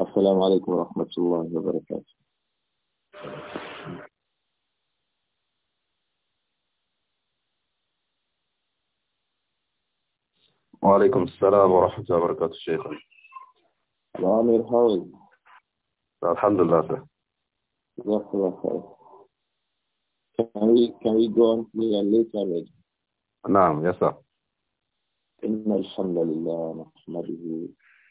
السلام عليكم ورحمة الله وبركاته وعليكم السلام ورحمة الله وبركاته الشيخ عامر حاول الحمد لله sir الله خير Can we, can we go on play a later read? نعم yes sir إن الحمد لله نحمده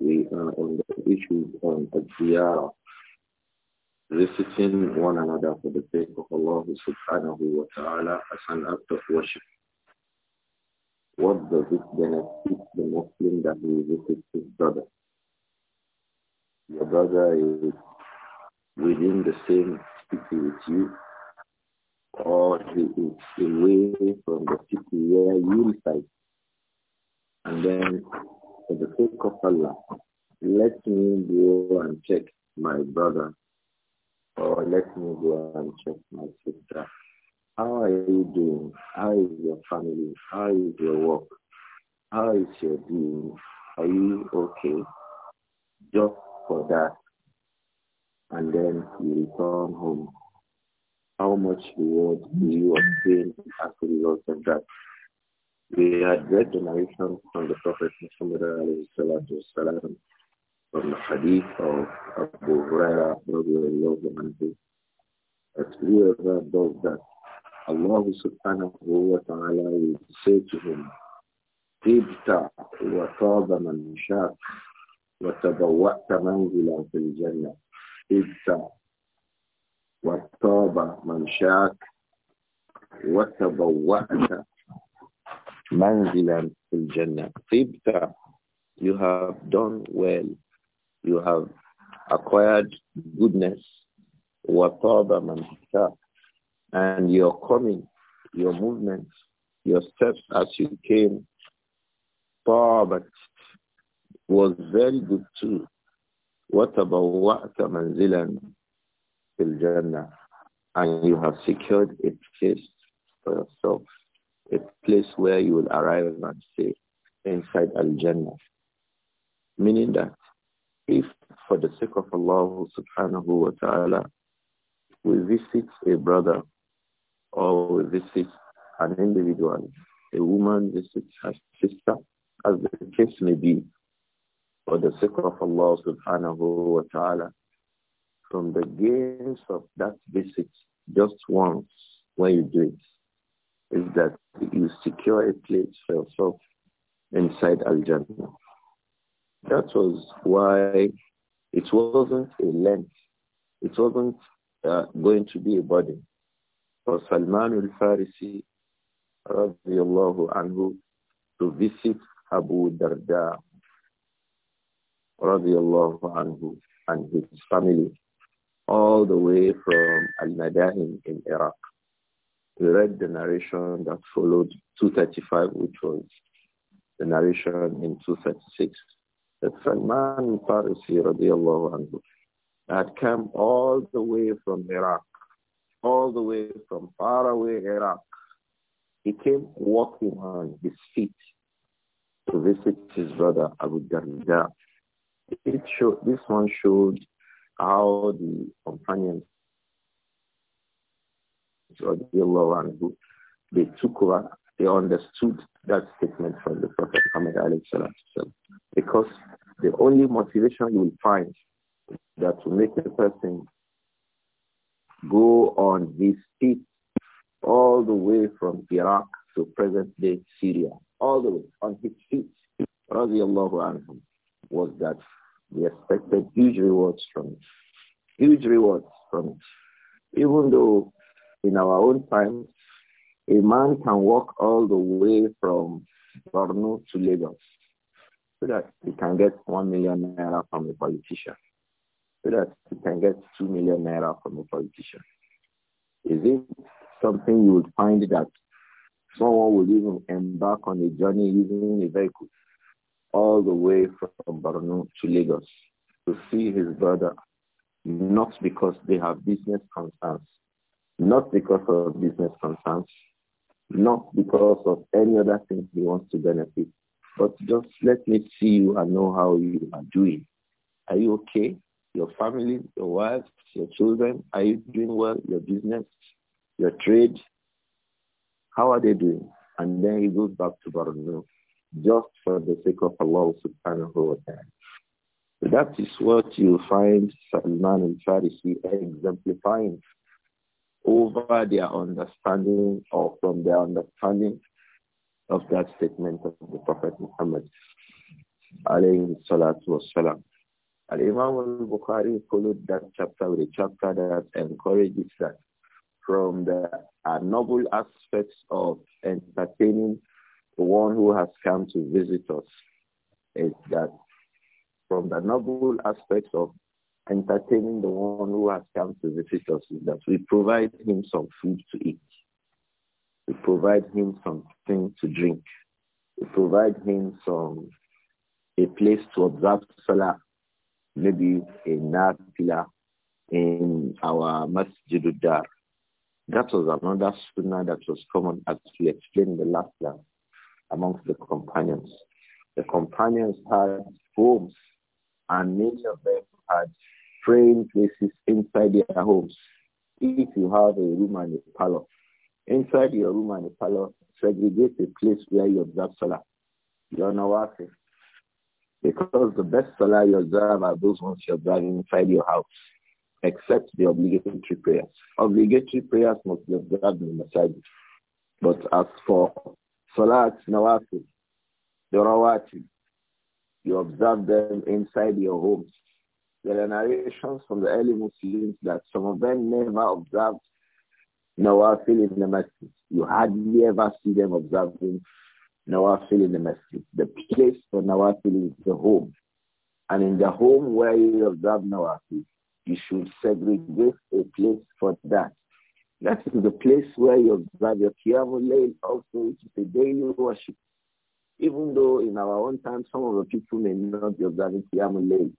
we are on the issue on Adiyara, visiting one another for the sake of Allah subhanahu wa ta'ala as an act of worship. What does it benefit the Muslim that he visits his brother? Your brother is within the same city with you, or he is away from the city where you reside. And then for the sake of Allah, let me go and check my brother or let me go and check my sister. How are you doing? How is your family? How is your work? How is your being? Are you okay? Just for that. And then you return home. How much reward do you obtain as a result of that? we had read the narration from the Prophet Muhammad from the hadith of Abu Huraira that have does that, Allah subhanahu wa ta'ala will say to him, Tibta wa taaba man shaq wa tabawwa'ta manzila fil jannah. Tibta wa taaba man shaq wa tabawwa'ta manzilan fil jannah. you have done well. You have acquired goodness. Wataba manhita. And your coming, your movements, your steps as you came, tabat was very good too. what منزلا fil jannah, and you have secured a place for yourself a place where you will arrive and say, inside Al-Jannah. Meaning that if for the sake of Allah subhanahu wa ta'ala, we visit a brother or we visit an individual, a woman visits her sister, as the case may be, for the sake of Allah subhanahu wa ta'ala, from the gains of that visit just once when you do it, is that you secure a place for yourself inside Al-Jannah. That was why it wasn't a length. It wasn't uh, going to be a burden. For Salman al-Farisi, radiallahu anhu, to visit Abu Darda, radiallahu anhu, and his family, all the way from Al-Madain in Iraq. The red the narration that followed 235, which was the narration in 236. That Salman al-Farisi radiallahu anhu had come all the way from Iraq, all the way from far away Iraq. He came walking on his feet to visit his brother Abu Darda. It showed, this one showed how the companions who they took over, they understood that statement from the Prophet Muhammad because the only motivation you will find that to make a person go on his feet all the way from Iraq to present-day Syria, all the way on his feet, anhu, was that we expected huge rewards from it. Huge rewards from it. Even though in our own time, a man can walk all the way from Borno to Lagos so that he can get 1 million naira from a politician, so that he can get 2 million naira from a politician. Is it something you would find that someone would even embark on a journey using a vehicle all the way from Borno to Lagos to see his brother, not because they have business concerns, not because of business concerns, not because of any other thing he wants to benefit, but just let me see you and know how you are doing. Are you okay? Your family, your wife, your children, are you doing well? Your business, your trade, how are they doing? And then he goes back to Barno just for the sake of Allah subhanahu wa ta'ala. that is what you find Salman al farsi exemplifying over their understanding or from their understanding of that statement of the Prophet Muhammad alayhi salatu wasalam. Al-Imam al-Bukhari followed that chapter with a chapter that encourages that from the noble aspects of entertaining the one who has come to visit us is that from the noble aspects of entertaining the one who has come to visit us that we provide him some food to eat. We provide him something to drink. We provide him some a place to observe salah, maybe a nafila in our masjidud dar. That was another sunnah that was common as we explained the last time amongst the companions. The companions had homes and many of them had praying places inside their homes. If you have a room and a parlor, inside your room and a parlor, segregate a place where you observe Salah. You are not working. Because the best Salah you observe are those ones you observe inside your house, except the obligatory prayers. Obligatory prayers must be observed in the masjid. But as for Salat, Nawafil, the you observe them inside your homes. There are narrations from the early Muslims that some of them never observed Nawafil in the masjid. You hardly ever see them observing Nawafil in the masjid. The place for Nawafil is the home. And in the home where you observe Nawafil, you should segregate a place for that. That is the place where you observe your Qiyamul Layl also, which is a daily worship. Even though in our own time, some of the people may not be observing Qiyamul Layl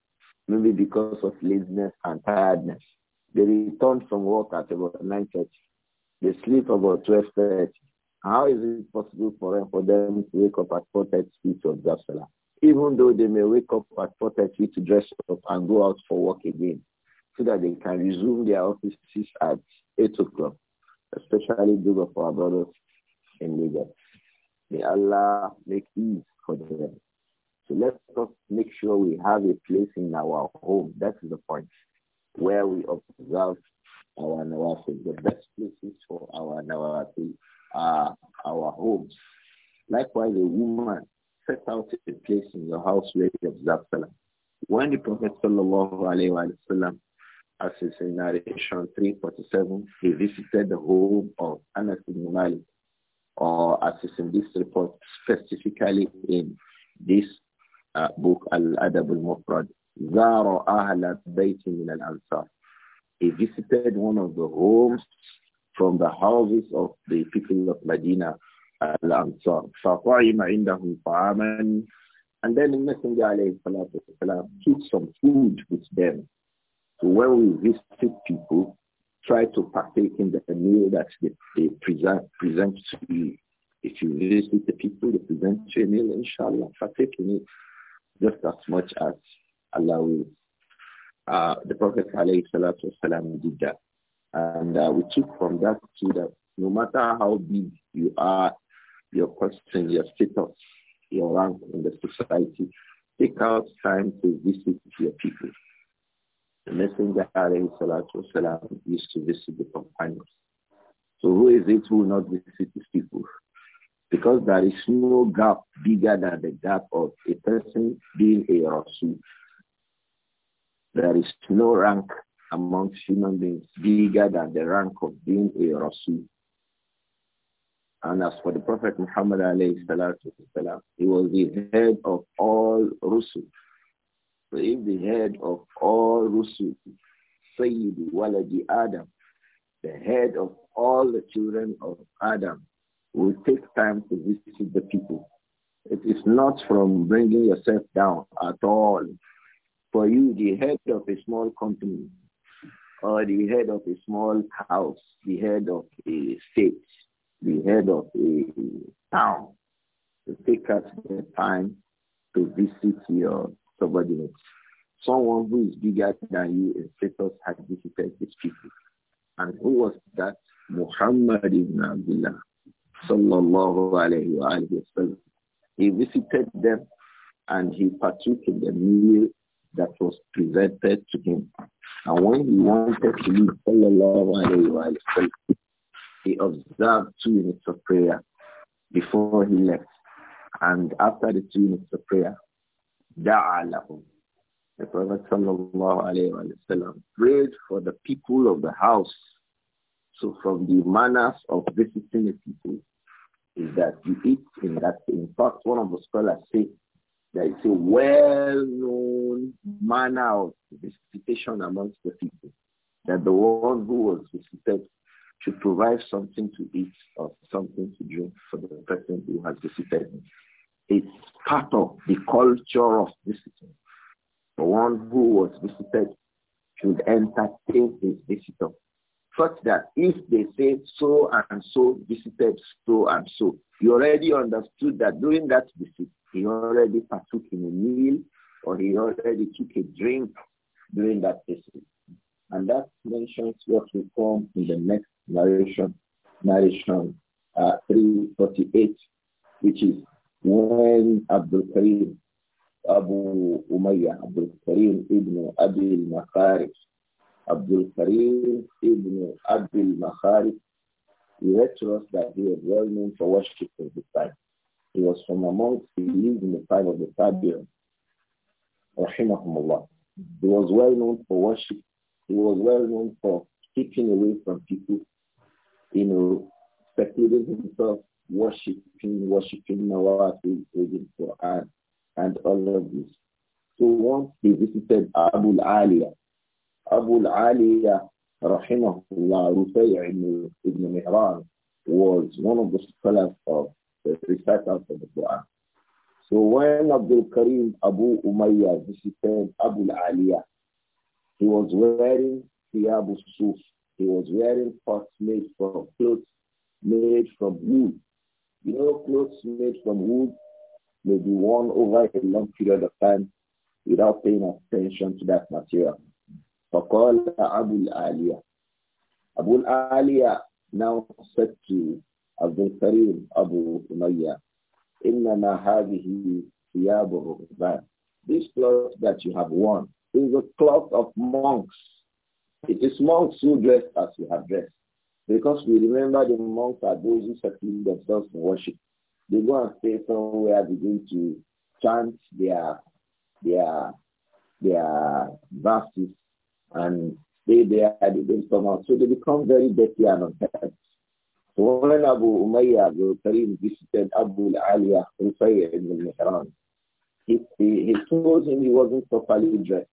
maybe because of laziness and tiredness. They return from work at about 9.30. They sleep about 12.30. How is it possible for them, for them to wake up at 4.30 to observe Salah? Even though they may wake up at 4.30 to dress up and go out for work again so that they can resume their offices at 8 o'clock, especially those of our brothers in Lagos. May Allah make ease for them. So let us just make sure we have a place in our home. That is the point where we observe our nawafil. The best places for our nawafil are our homes. Likewise, a woman set out a place in your house where you observe salah. When the Prophet sallallahu alaihi wasallam, as is in narration 347, he visited the home of Anas ibn Malik, or as is in this report, specifically in this uh, book Al-Adab al-Mufrad, Zara Ahla min al-Ansar. He visited one of the homes from the houses of the people of Medina, Al-Ansar. فَطَعِمَ عِنْدَهُمْ طَعَامًا And then the Messenger alayhi salatu wasalam took some food with them. So when we visit people, try to partake in the meal that they, they present, present to you. If you visit the people, they present to you a meal, inshallah, partake in it just as much as Allah will. Uh, the Prophet والسلام, did that. And uh, we took from that that no matter how big you are, your question, your status, your rank in the society, take out time to visit your people. The Messenger والسلام, used to visit the companions. So who is it who will not visit his people? Because there is no gap bigger than the gap of a person being a Rasul. There is no rank amongst human beings bigger than the rank of being a Rasul. And as for the Prophet Muhammad والسلام, he was the head of all Rusul. So if the head of all Rusul, Sayyid Waladi Adam, the head of all the children of Adam, will take time to visit the people. It is not from bringing yourself down at all. For you, the head of a small company or the head of a small house, the head of a state, the head of a town, to take out the time to visit your subordinates. Someone who is bigger than you in status had visited these people. And who was that? Muhammad ibn Abdullah sallallahu alayhi wa sallam. He visited them and he partook in the meal that was presented to him. And when he wanted to leave, sallallahu alayhi wa sallam, he observed two minutes of prayer before he left. And after the two minutes of prayer, da'alahum. The Prophet sallallahu alayhi wa sallam prayed for the people of the house so from the manners of visiting the people is that you eat in that. In fact, one of the scholars say that it's a well-known manner of visitation amongst the people, that the one who was visited should provide something to eat or something to drink for the person who has visited It's part of the culture of visiting. The one who was visited should entertain his visitor such that if they say so and so visited so and so, you already understood that during that visit, he already partook in a meal or he already took a drink during that visit. And that mentions what will come in the next narration, narration uh, 348, which is when Abdul Karim, Abu Umayyah, Abdul Karim ibn Abi al Abdul Karim ibn Abdul Makhari. He read to us that he was well known for worship of the time. He was from amongst he lived in the time of the Tabi'un. Rahimahumullah. He was well known for worship. He was well known for keeping away from people, you know, secluding himself, worshiping, worshiping Nawati, reading Quran, and all of this. So once he visited Abu Aliyah, Abu al-Aliya, rahimahullah, Rufay' ibn, ibn was one of the scholars of the recitals of the Quran. So when Abdul Karim Abu Umayyah visited Abu al he was wearing Thiabu Suf. He was wearing clothes made from clothes made from wool. You know, clothes made from wool may be worn over a long period of time without paying attention to that material. فقال أبو العالية أبو العالية أبو الكريم أبو أمية هذه ثياب This cloth that you have worn is a cloth of monks. It is monks who dress as you have dressed. Because we remember the monks are those who seclude themselves for worship. They go and stay somewhere, begin to chant their their their verses and they there, they don't come out. So they become very dirty and unhappy. So when Abu Umayyah Abu Karim visited Abu Aliyah Ufay ibn Mihran, he, he, he told him he wasn't properly dressed.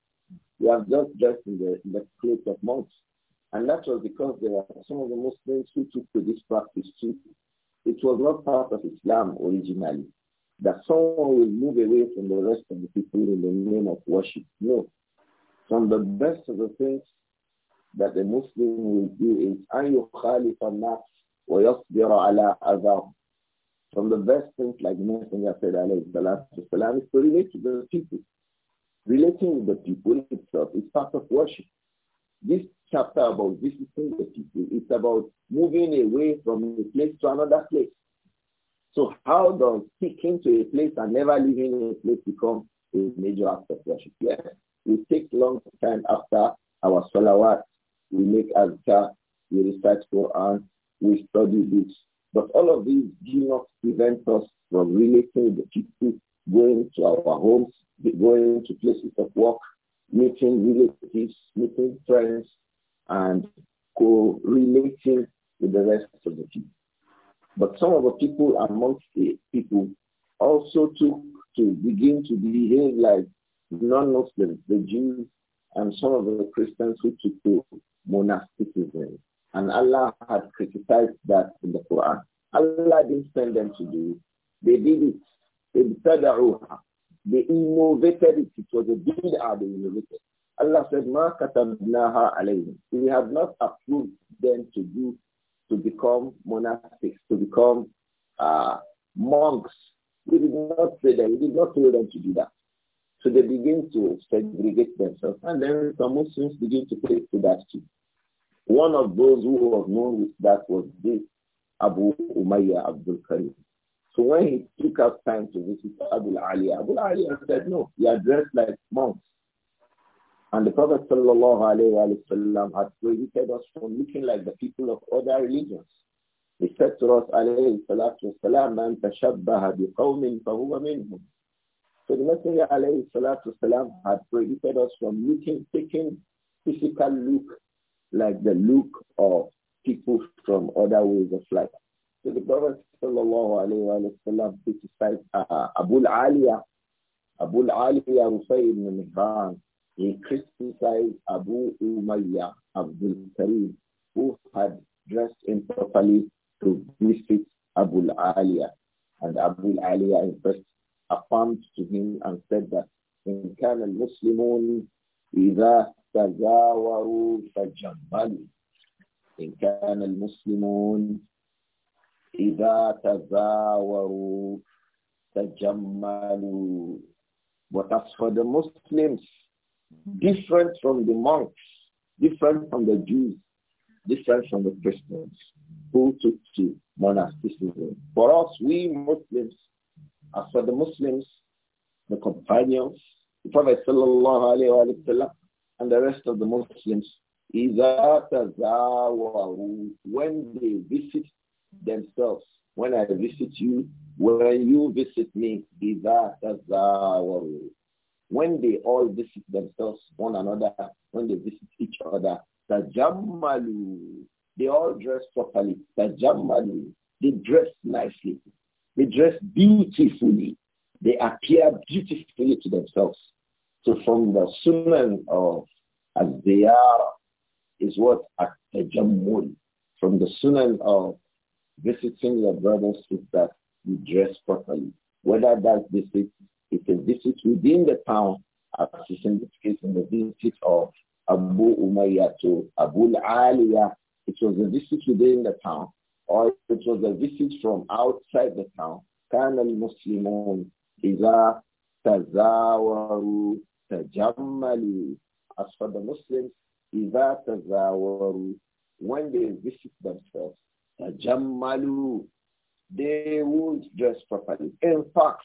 He was just dressed in the, in the clothes of monks. And that was because there were some of the Muslims who took to this practice too. It was not part of Islam originally. That someone will move away from the rest of the people in the name of worship. No, from the best of the things that a Muslim will do is أن يخالف الناس ويصبر على أذاهم. From the best things like Messenger said alayhi salatu wasalam is to relate to the people. Relating with the people itself is part of worship. This chapter about visiting the people, it's about moving away from a place to another place. So how does sticking to a place and never leaving a place become a major act of worship? Yes, we take long time after our salawat. We make azkar, we recite Quran, we study books. But all of these do not prevent us from relating the people, going to our homes, going to places of work, meeting relatives, meeting friends, and co-relating with the rest of the people. But some of the people amongst the people also took to begin to behave like non-Muslims, the Jews, and some of the Christians who took to monasticism. And Allah had criticized that in the Quran. Allah didn't send them to do it. They did it. They innovated it. It was a bid'ah they innovated. Allah said, Ma katabnaha We have not approved them to do, to become monastics, to become uh, monks. We did not say that. We did not tell them to do that. So they begin to segregate themselves. And then some Muslims begin to pray to that One of those who was known with that was this Abu Umayyah Abdul Karim. So when he took up time to visit Abu Ali, Abu Ali said, no, you are dressed like monks. And the Prophet وسلم, had prohibited us from looking like the people of other religions. He said to us, alayhi salatu wasalam, man tashabbaha biqawmin fahuwa minhum. So the Messenger alayhi salatu salam had prohibited us from looking, taking physical look like the look of people from other ways of life. So the Prophet sallallahu alayhi wa sallam criticized uh, Abu Aliyah, Abu Aliyah Rufay ibn Mihran. He criticized Abu Umayyah Abdul Karim, who had dressed improperly to visit Abu Aliyah. And Abu Aliyah impressed affirmed to him and said that إن كان المسلمون إذا In فجملوا إن كان المسلمون إذا تزاوروا تجملوا But as for the Muslims, different from the monks, different from the Jews, different from the Christians, who took to monasticism. For us, we Muslims, as for the Muslims, the companions, the Prophet sallallahu alayhi wa sallam, and the rest of the Muslims, when they visit themselves, when I visit you, when you visit me, when they all visit themselves, one another, when they visit each other, tajammalu, they all dress properly, tajammalu, they dress nicely, they dress beautifully. They appear beautifully to themselves. So from the sunan of al is what at From the sunan of visiting your brothers is that you dress properly. Whether that visit is a visit within the town, as is in this case in the visit of Abu Umayyah to Abu Aliyah, it was a visit within the town or if it was a visit from outside the town, كان المسلمون إذا تزاوروا تجملوا as for the Muslims إذا تزاوروا when they visit themselves تجملوا they won't dress properly in fact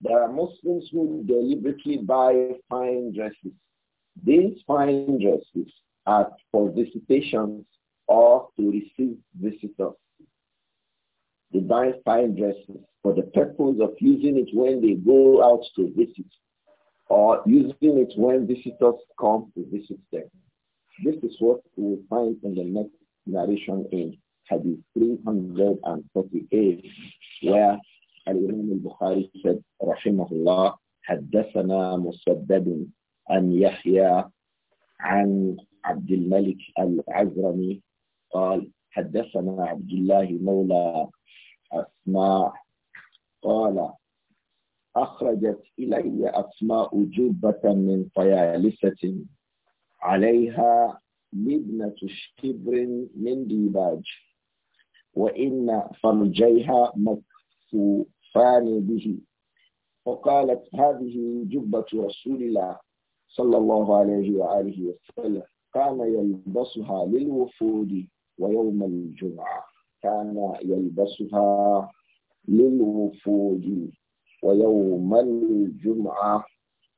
there are Muslims who deliberately buy fine dresses these fine dresses are for visitations or to receive visitors they buy fine dresses for the purpose of using it when they go out to visit or using it when visitors come to visit them. This is what we will find in the next narration in Hadith 348, where al Bukhari said رحمه الله and مسدد أن يحيى عن عبد الملك العزرمي قال حدثنا عبد الله مولى أسماء قال أخرجت إلي أسماء جبة من طيالسة عليها لبنة شبر من ديباج وإن فرجيها مكفوفان به وقالت هذه جبة رسول الله صلى الله عليه وآله وسلم كان يلبسها للوفود ويوم الجمعة كان يلبسها للوفود ويوم الجمعة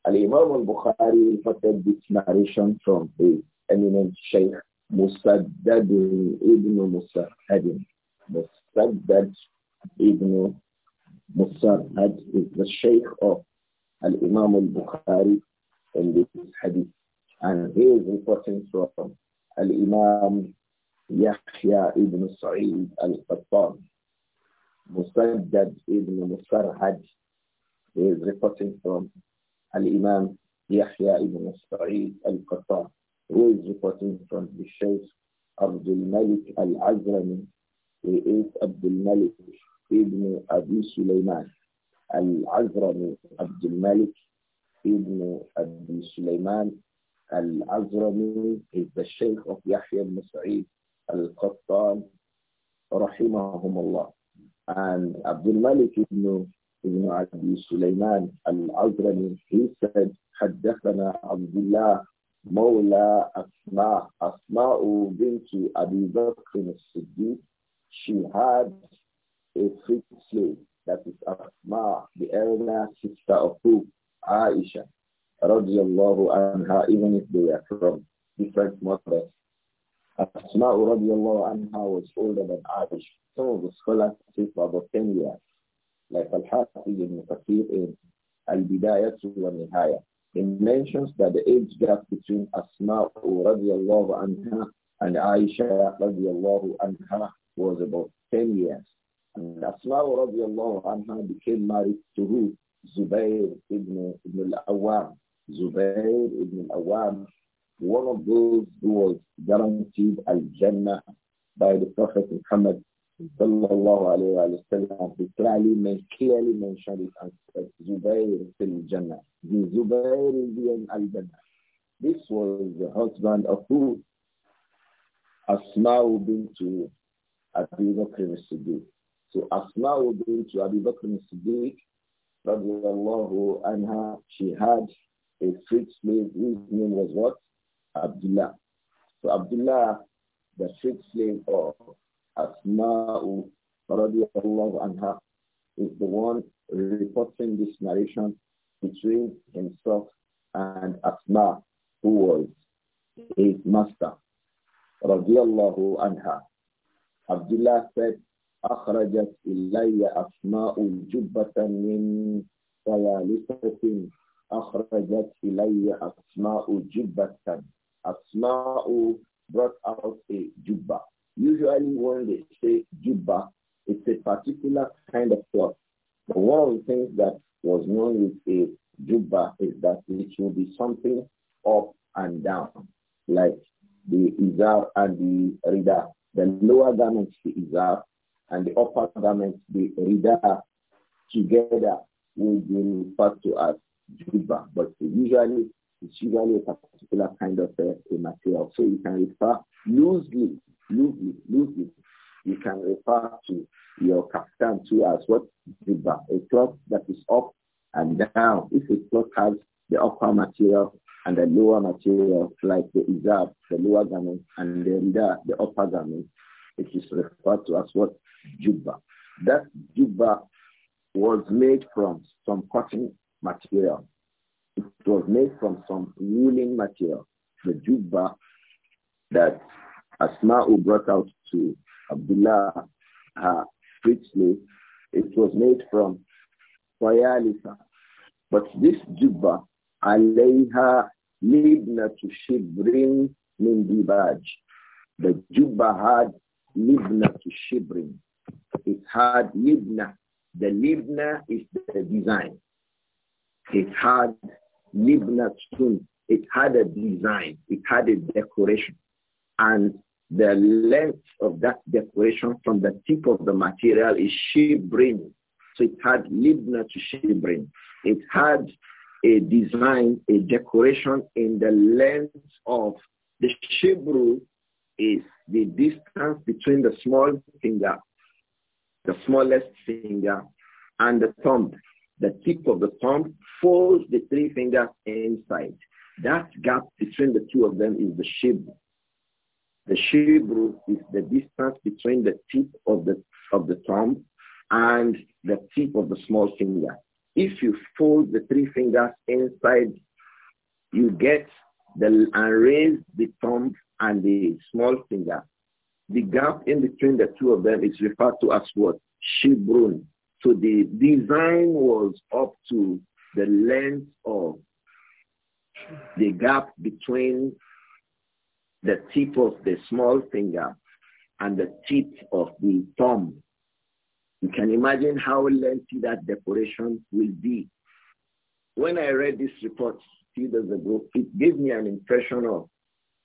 الإمام البخاري فتد ديكناريشن فروم ذا إمينينت شيخ مسدد ابن مسدد مسدد ابن مسدد is the sheikh of الإمام البخاري in this hadith and he is reporting from الإمام البخاري Yahya ibn Sa'id al-Qattan, Musaddad ibn Musarhad, is reporting from Al-Imam Yahya ibn Sa'id al-Qattan, who is reporting from the Shaykh Abdul Malik al-Azrami, the is Abdul Malik ibn Abi Sulaiman, al-Azrami Abdul Malik ibn Abi Sulaiman al-Azrami is the Shaykh of Yahya ibn Sa'id al-Qattan, rahimahumullah, and Abdul Malik ibn, ibn Abi Sulaiman al-Azrani, he said, حدثنا عبد الله مولى أسماء أسماء بنت أبي بكر الصديق she had a free slave that is Asma the elder sister of who Aisha radiallahu anha even if they were from different mothers Asma radiallahu anha was older than Aisha, Some of the scholars say for about 10 years, like Al-Hafiz ibn Kathir in Al-Bidayat wa Nihaya. He mentions that the age gap between Asma radiallahu anha and Aisha radiallahu anha was about 10 years. And Asma radiallahu anha became married to who? Zubair ibn, ibn al-Awwam. Zubair ibn al-Awwam one of those who was guaranteed al-Jannah by the Prophet Muhammad sallallahu alayhi wa sallam. He clearly, clearly mentioned it and said, Zubair fil Jannah. The Zubair is al-Jannah. This was the husband of who? Asma bint Abu Bakr siddiq So Asma bint Abu Bakr siddiq radiallahu anha, she had a freed slave whose name was what? Abdullah. So Abdullah, the freed slave of Asma'u radiallahu anha, is the one reporting this narration between himself and Asma, who was his master, radiallahu anha. Abdullah said, أخرجت إلي أسماء جبة من ثيالثة أخرجت إلي أسماء جبة Asma'u brought out a jubba. Usually when they say jubba, it's a particular kind of cloth. But one of the things that was known with a jubba is that it will be something up and down, like the izar and the rida. The lower garment, the izar, and the upper garment, the rida, together will be referred to as jubba. But usually it's usually a particular kind of a, uh, a material. So you can refer loosely, loosely, loosely. You can refer to your kaftan too as what jibba, a cloth that is up and down. If a cloth has the upper material and the lower material, like the izab, the lower garment, and the the upper garment, it is referred to as what jubba. That jubba was made from some cotton material. It was made from some woolen material, the jubba that Asma'u brought out to Abdullah, her street slave. It was made from Fayalisa. But this jubba, alayha libnatu shibrin min dibaj. The jubba had to shibrin. It had libna. The libna is the design. It had Libnatun. It had a design. It had a decoration. And the length of that decoration from the tip of the material is shibrin. So it had Libnat shibrin. It had a design, a decoration in the length of the shibru is the distance between the small finger, the smallest finger, and the thumb the tip of the thumb folds the three fingers inside. That gap between the two of them is the shib. The shib is the distance between the tip of the of the thumb and the tip of the small finger. If you fold the three fingers inside, you get the and raise the thumb and the small finger. The gap in between the two of them is referred to as what? Shibrun. So the design was up to the length of the gap between the tip of the small finger and the tip of the thumb. You can imagine how lengthy that decoration will be. When I read this report few days ago, it gave me an impression of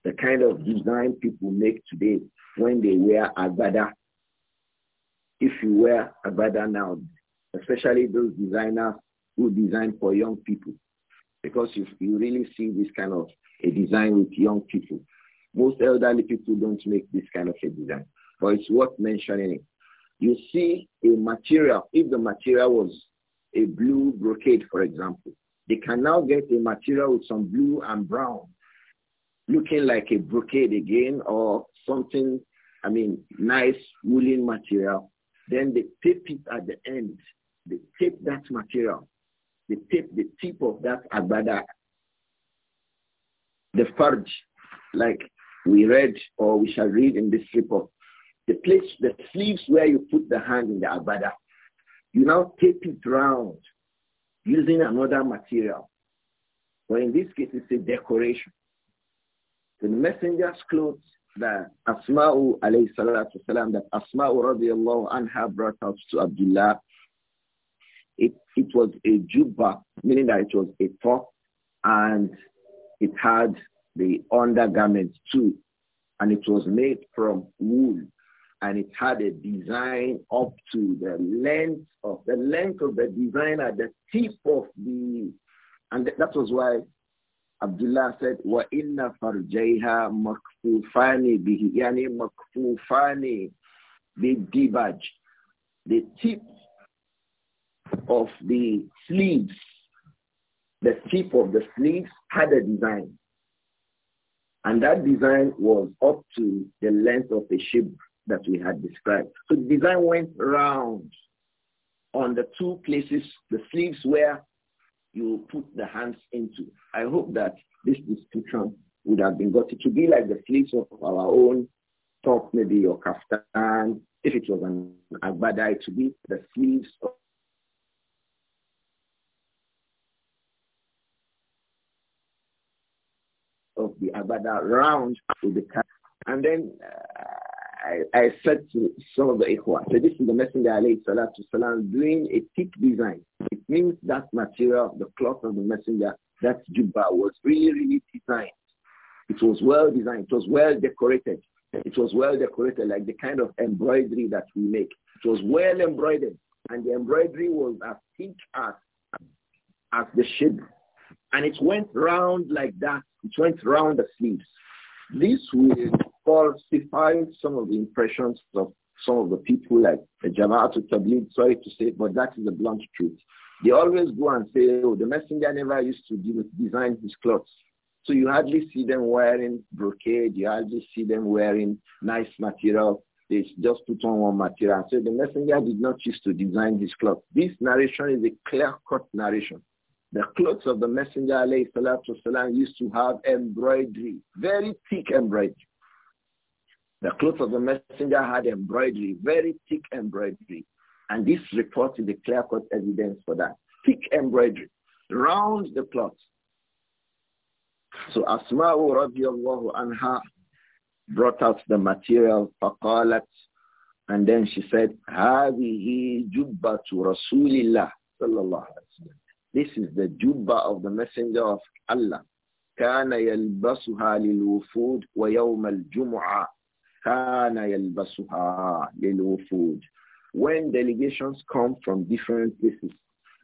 the kind of design people make today when they wear agbada if you wear a Agbada now, especially those designers who design for young people, because you, you really see this kind of a design with young people. Most elderly people don't make this kind of a design, but it's worth mentioning it. You see a material, if the material was a blue brocade, for example, they can now get a material with some blue and brown, looking like a brocade again or something, I mean, nice woolen material then they tape it at the end. They tape that material. They tape the tip of that agbada, the farj, like we read or we shall read in this report. The place, the sleeves where you put the hand in the agbada, you now tape it round using another material. But in this case, it's a decoration. the messenger's clothes that Asma'u alayhi salatu salam, that Asma'u radiallahu anha brought out to Abdullah, it, it was a jubba, meaning that it was a top and it had the undergarment too. And it was made from wool and it had a design up to the length of the length of the design at the tip of the and that was why Abdullah said, Wa inna farjayha makfufani bihi, yani makfufani bidibaj, the tip of the sleeves, the tip of the sleeves had a design. And that design was up to the length of the ship that we had described. So the design went round on the two places, the sleeves where you put the hands into. I hope that this description would have been got. It would be like the sleeves of our own top, maybe your kaftan. If it was an agbada, it would be the sleeves of of the agbada round with the cat. And then uh, I, I, said to some of the ikhwa, so this is the messenger alayhi salatu salam doing a thick design. It means that material, the cloth of the messenger, that jubba was really, really designed. It was well designed. It was well decorated. It was well decorated, like the kind of embroidery that we make. It was well embroidered, and the embroidery was as thick as as the shape, and it went round like that. It went round the sleeves. This will falsify some of the impressions of some of the people like Jamaatul Tabligh, sorry to say, but that is the blunt truth. They always go and say, oh, the messenger never used to design his clothes. So you hardly see them wearing brocade. You hardly see them wearing nice material. They just put on one material. So the messenger did not choose to design his clothes. This narration is a clear-cut narration. The clothes of the messenger, alayhi used to have embroidery, very thick embroidery. The clothes of the messenger had embroidery, very thick embroidery. And this report is clear-cut evidence for that. Thick embroidery round the clothes. So Asma'u radiallahu anha brought out the material, فقالت, and then she said, هذه جبة رسول الله صلى الله عليه وسلم. This is the jubba of the messenger of Allah. كان يلبسها للوفود ويوم الجمعة كان يلبسها للوفود. When delegations come from different places,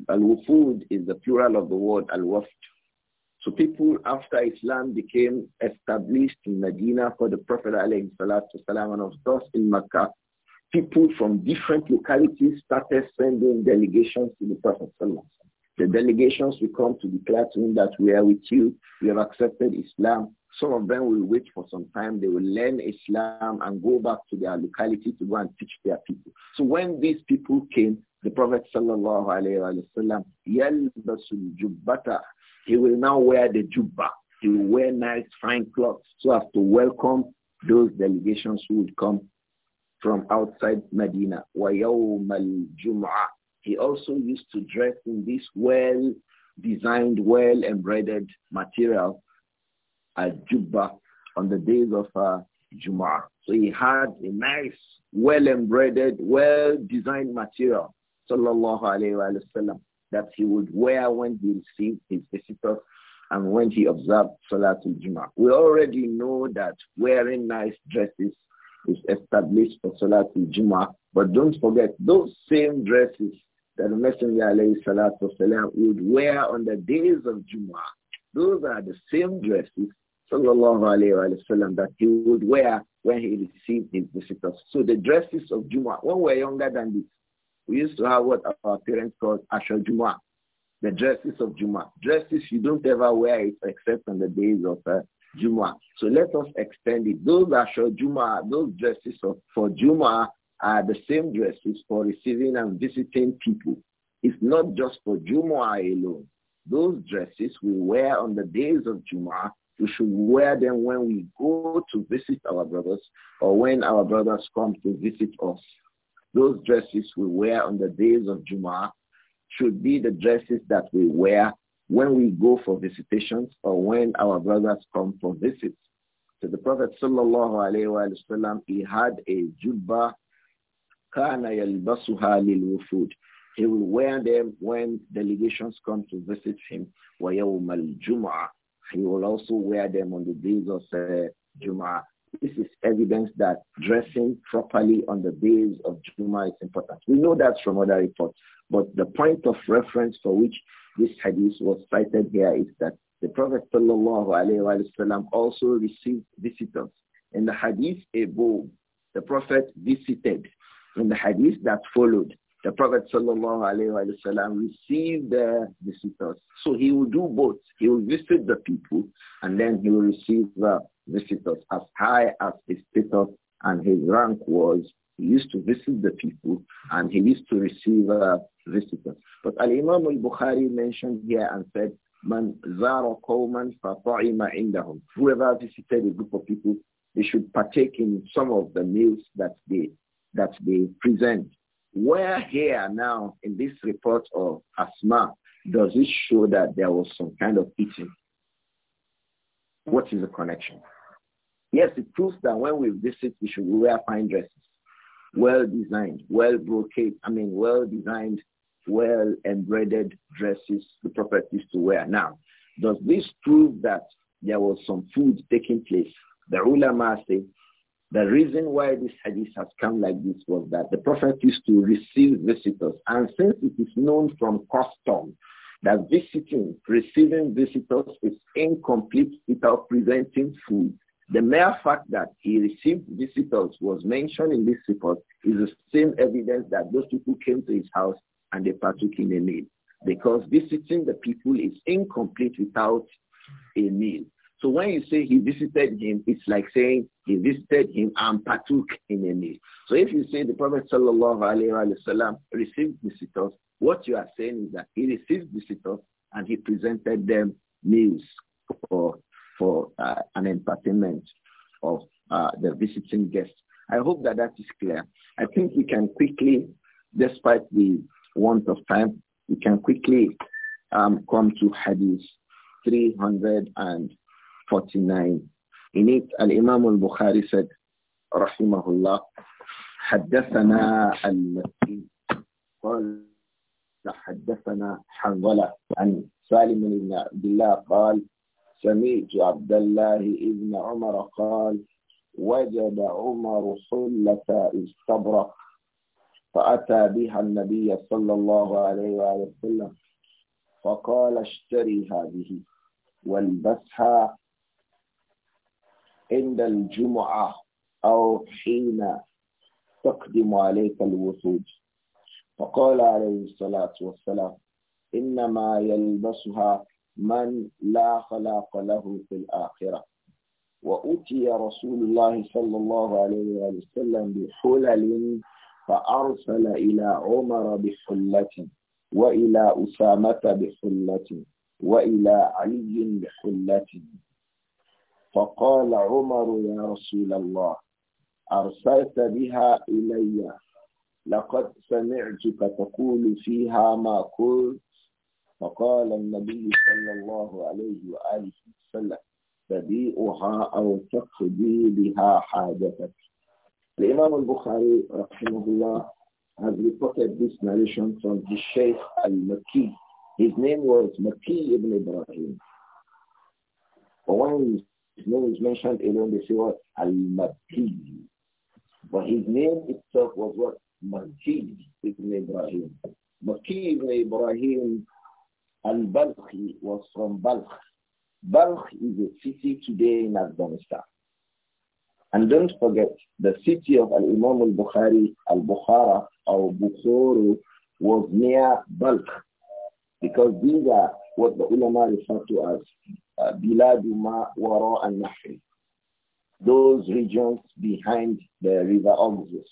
al-wufud is the plural of the word al-wafd so people after Islam became established in Medina for the Prophet alayhi salatu salam and of course in Mecca, people from different localities started sending delegations to the Prophet sallallahu The delegations will come to declare to him that we are with you, we have accepted Islam. Some of them will wait for some time, they will learn Islam and go back to their locality to go and teach their people. So when these people came, the Prophet sallallahu alayhi wa sallam, he will now wear the jubba. He will wear nice, fine clothes so as to welcome those delegations who will come from outside Medina. He also used to dress in this well-designed, well-embroidered material, a jubba on the days of uh, Jum'ah. So he had a nice, well-embroidered, well-designed material, sallallahu alayhi wa sallam that he would wear when he received his visitors and when he observed Salatul Juma. We already know that wearing nice dresses is established for Salatul Juma, but don't forget those same dresses that the Messenger alayhi salatu salam would wear on the days of Juma. Those are the same dresses sallallahu wasallam, that he would wear when he received his visitors. So the dresses of Juma, when we are younger than this, we used to have what our parents called Asha Juma, the dresses of Juma. Dresses, you don't ever wear it except on the days of uh, Juma. So let us extend it. Those Asha Juma, those dresses of, for Juma are the same dresses for receiving and visiting people. It's not just for Juma alone. Those dresses we wear on the days of Juma we should wear them when we go to visit our brothers or when our brothers come to visit us. Those dresses we wear on the days of Juma should be the dresses that we wear when we go for visitations or when our brothers come for visits. So the Prophet sallallahu alaihi he had a jubba kana yalbasuha lilwufud. He will wear them when delegations come to visit him. وَيَوْمَ الْجُمْعَةِ He will also wear them on the days of uh, Jum'ah. This is evidence that dressing properly on the days of Juma is important. We know that from other reports, but the point of reference for which this hadith was cited here is that the Prophet ﷺ also received visitors. In the hadith above, the Prophet visited. In the hadith that followed, the Prophet wasallam received the visitors. So he will do both. He will visit the people and then he will receive the visitors as high as his status and his rank was. He used to visit the people and he used to receive uh, visitors. But Al-Imam al-Bukhari mentioned here and said, Man zara qawman fata'ima indahum. Whoever visited a group of people, they should partake in some of the meals that they, that they present. Where here now in this report of Asma does it show that there was some kind of eating? What is the connection? Yes, it proves that when we visit, we should wear fine dresses, well designed, well brocade, I mean, well designed, well embroidered dresses the Prophet used to wear. Now, does this prove that there was some food taking place? The ulama say the reason why this hadith has come like this was that the Prophet used to receive visitors. And since it is known from custom that visiting, receiving visitors is incomplete without presenting food, the mere fact that he received visitors was mentioned in this report is the same evidence that those people came to his house and they partook in a meal. Because visiting the people is incomplete without a meal. So when you say he visited him, it's like saying he visited him and partook in a meal. So if you say the Prophet sallallahu received visitors, what you are saying is that he received visitors and he presented them meals for for uh, an entertainment of uh, the visiting guests. I hope that that is clear. I think we can quickly, despite the want of time, we can quickly um, come to Hadith 300 and 49. In it, Al-Imam al-Bukhari said, رحمه الله, حدثنا المسيح قال حدثنا حنظلة عن سالم بن عبد الله قال سمعت عبد الله ابن عمر قال وجد عمر حلة استبرق فأتى بها النبي صلى الله عليه وآله وسلم فقال اشتري هذه والبسها عند الجمعة أو حين تقدم عليك الوفود فقال عليه الصلاة والسلام إنما يلبسها من لا خلاق له في الآخرة وأتي رسول الله صلى الله عليه وسلم بحلل فأرسل إلى عمر بحلة وإلى أسامة بحلة وإلى علي بحلة فقال عمر يا رسول الله أرسلت بها إلي لقد سمعتك تقول فيها ما قلت فقال النبي صلى الله عليه وآله وسلم تبيئها أو تقضي بها حاجتك الإمام البخاري رحمه الله has reported this narration from his Sheikh al-Makki. His name was Makki ibn Ibrahim. when name is mentioned alone, they say what? Al-Mahdi. But his name itself was what? Mahdi ibn Ibrahim. Mahdi ibn Ibrahim al-Balkhi was from Balkh. Balkh is a city today in Afghanistan. And don't forget, the city of Al-Imam al-Bukhari, Al-Bukhara, or Bukhoro was near Balkh. Because these are what the ulama refer to as uh, Biladuma Wara and Nahri. Those regions behind the river Oxus.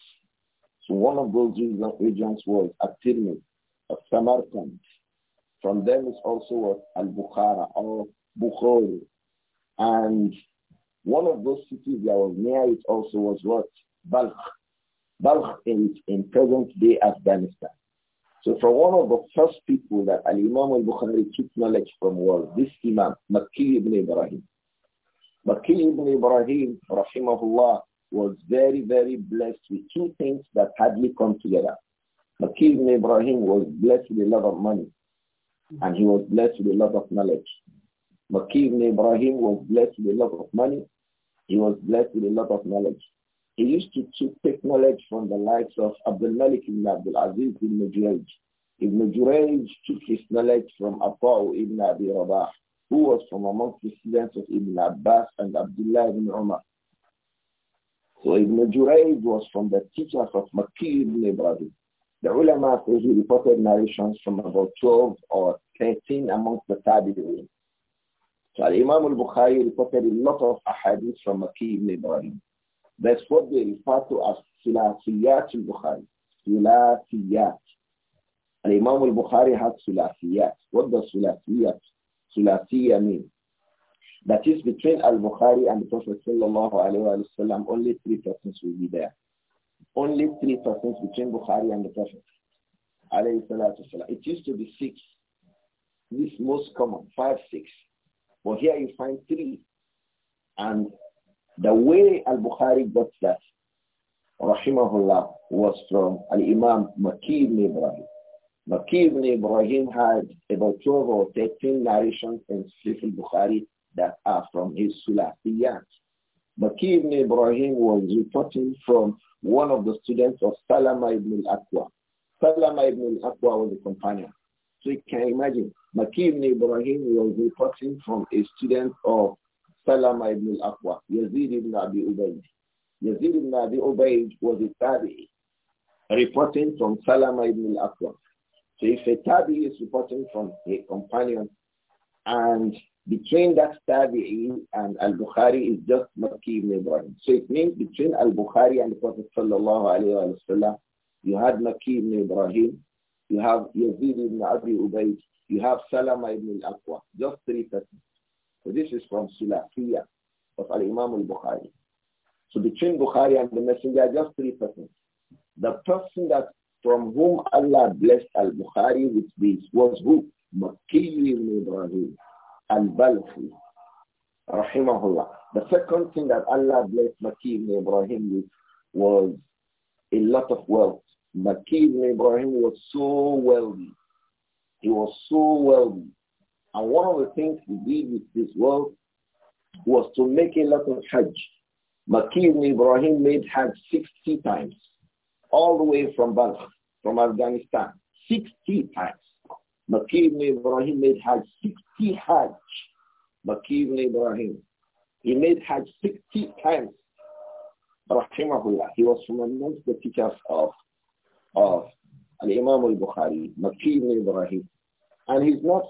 So one of those regions was Atirmid, tirmidh Samarkand. From them is also Al-Bukhara or Bukhari. And one of those cities that was near it also was what? Balkh. Balkh in, in present-day Afghanistan. So from one of the first people that Al-Imam al-Bukhari took knowledge from was this Imam, Makki ibn Ibrahim. Makki ibn Ibrahim, rahimahullah, was very, very blessed with two things that hardly come together. Makki ibn Ibrahim was blessed with a lot of money, and he was blessed with a lot of knowledge. Makki ibn Ibrahim was blessed with a lot of money, he was blessed with a lot of knowledge. He used to, to take knowledge from the likes of Abdul Malik ibn Abdul Aziz ibn Juraj. Ibn Juraj took his knowledge from Ata'u ibn Abi Rabah, who was from amongst the students of Ibn Abbas and Abdullah ibn Umar. So Ibn Jurayj was from the teachers of Makki ibn Ibrahim. The ulama says he reported narrations from about 12 or 13 amongst the Tabi'in. So Imam al-Bukhari reported a lot of ahadith from Makki ibn Ibrahim. That's what they refer to as Silafiyat al-Bukhari. Silafiyat. And Imam al-Bukhari has Silafiyat. What does Silafiyat, Silafiyya mean? That is between al-Bukhari and the Prophet sallallahu alayhi wa sallam, only three persons will be there. Only three persons between Bukhari and the Prophet alayhi salatu It used to be six. This most common, five, six. But here you find three. And the way Al-Bukhari got that, rahimahullah, was from Al-Imam Makki ibn Ibrahim. Makki ibn Ibrahim had about 12 or 13 narrations in Sahih al-Bukhari that are from his Sulafiyat. Makki ibn Ibrahim was reporting from one of the students of Salama ibn al-Aqwa. Salama ibn al-Aqwa was a companion. So you can imagine, Makki ibn Ibrahim was reporting from a student of Salama ibn al-Aqwa, Yazid ibn Abi Ubaid. Yazid ibn Abi Ubaid was a tabi, reporting from Salama ibn al-Aqwa. So if a tabi is reporting from a companion, and between that Tabi and al-Bukhari is just Makki ibn Ibrahim. So it means between al-Bukhari and the Prophet sallallahu alayhi wa sallam, you had Makki ibn Ibrahim, you have Yazid ibn Abi Ubaid, you have Salama ibn al-Aqwa, just three persons. So this is from Silafiyah of Al-Imam al-Bukhari. So between Bukhari and the Messenger are just three persons. The person that from whom Allah blessed al-Bukhari with this was who? Makkiyyu ibn Ibrahim al-Balfi rahimahullah. The second thing that Allah blessed Makki ibn Ibrahim with was a lot of wealth. Makki ibn Ibrahim was so wealthy. He was so wealthy and one of the things he did with this world was to make a lot of Hajj. Maki Ibrahim made Hajj 60 times, all the way from Balkh, from Afghanistan, 60 times. Maki Ibrahim made Hajj 60 Hajj. Maki Ibrahim. He made Hajj 60 times. Rahimahullah. He was from amongst the teachers of, of Al-Imam al-Bukhari, Maki Ibrahim. And he's not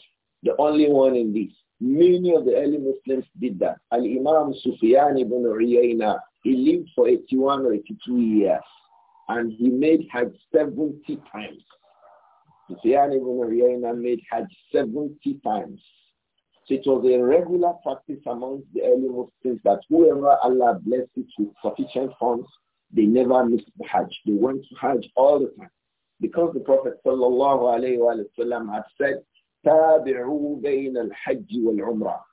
the only one in this. Many of the early Muslims did that. Al-Imam Sufyan ibn Uyayna, he lived for 81 or 82 years, and he made Hajj 70 times. Sufyan ibn Uyayna made Hajj 70 times. So it was a regular practice amongst the early Muslims that whoever Allah blessed with sufficient funds, they never missed the Hajj. They went to Hajj all the time. Because the Prophet sallallahu alayhi wa had said, تابعوا بين الحج والعمرة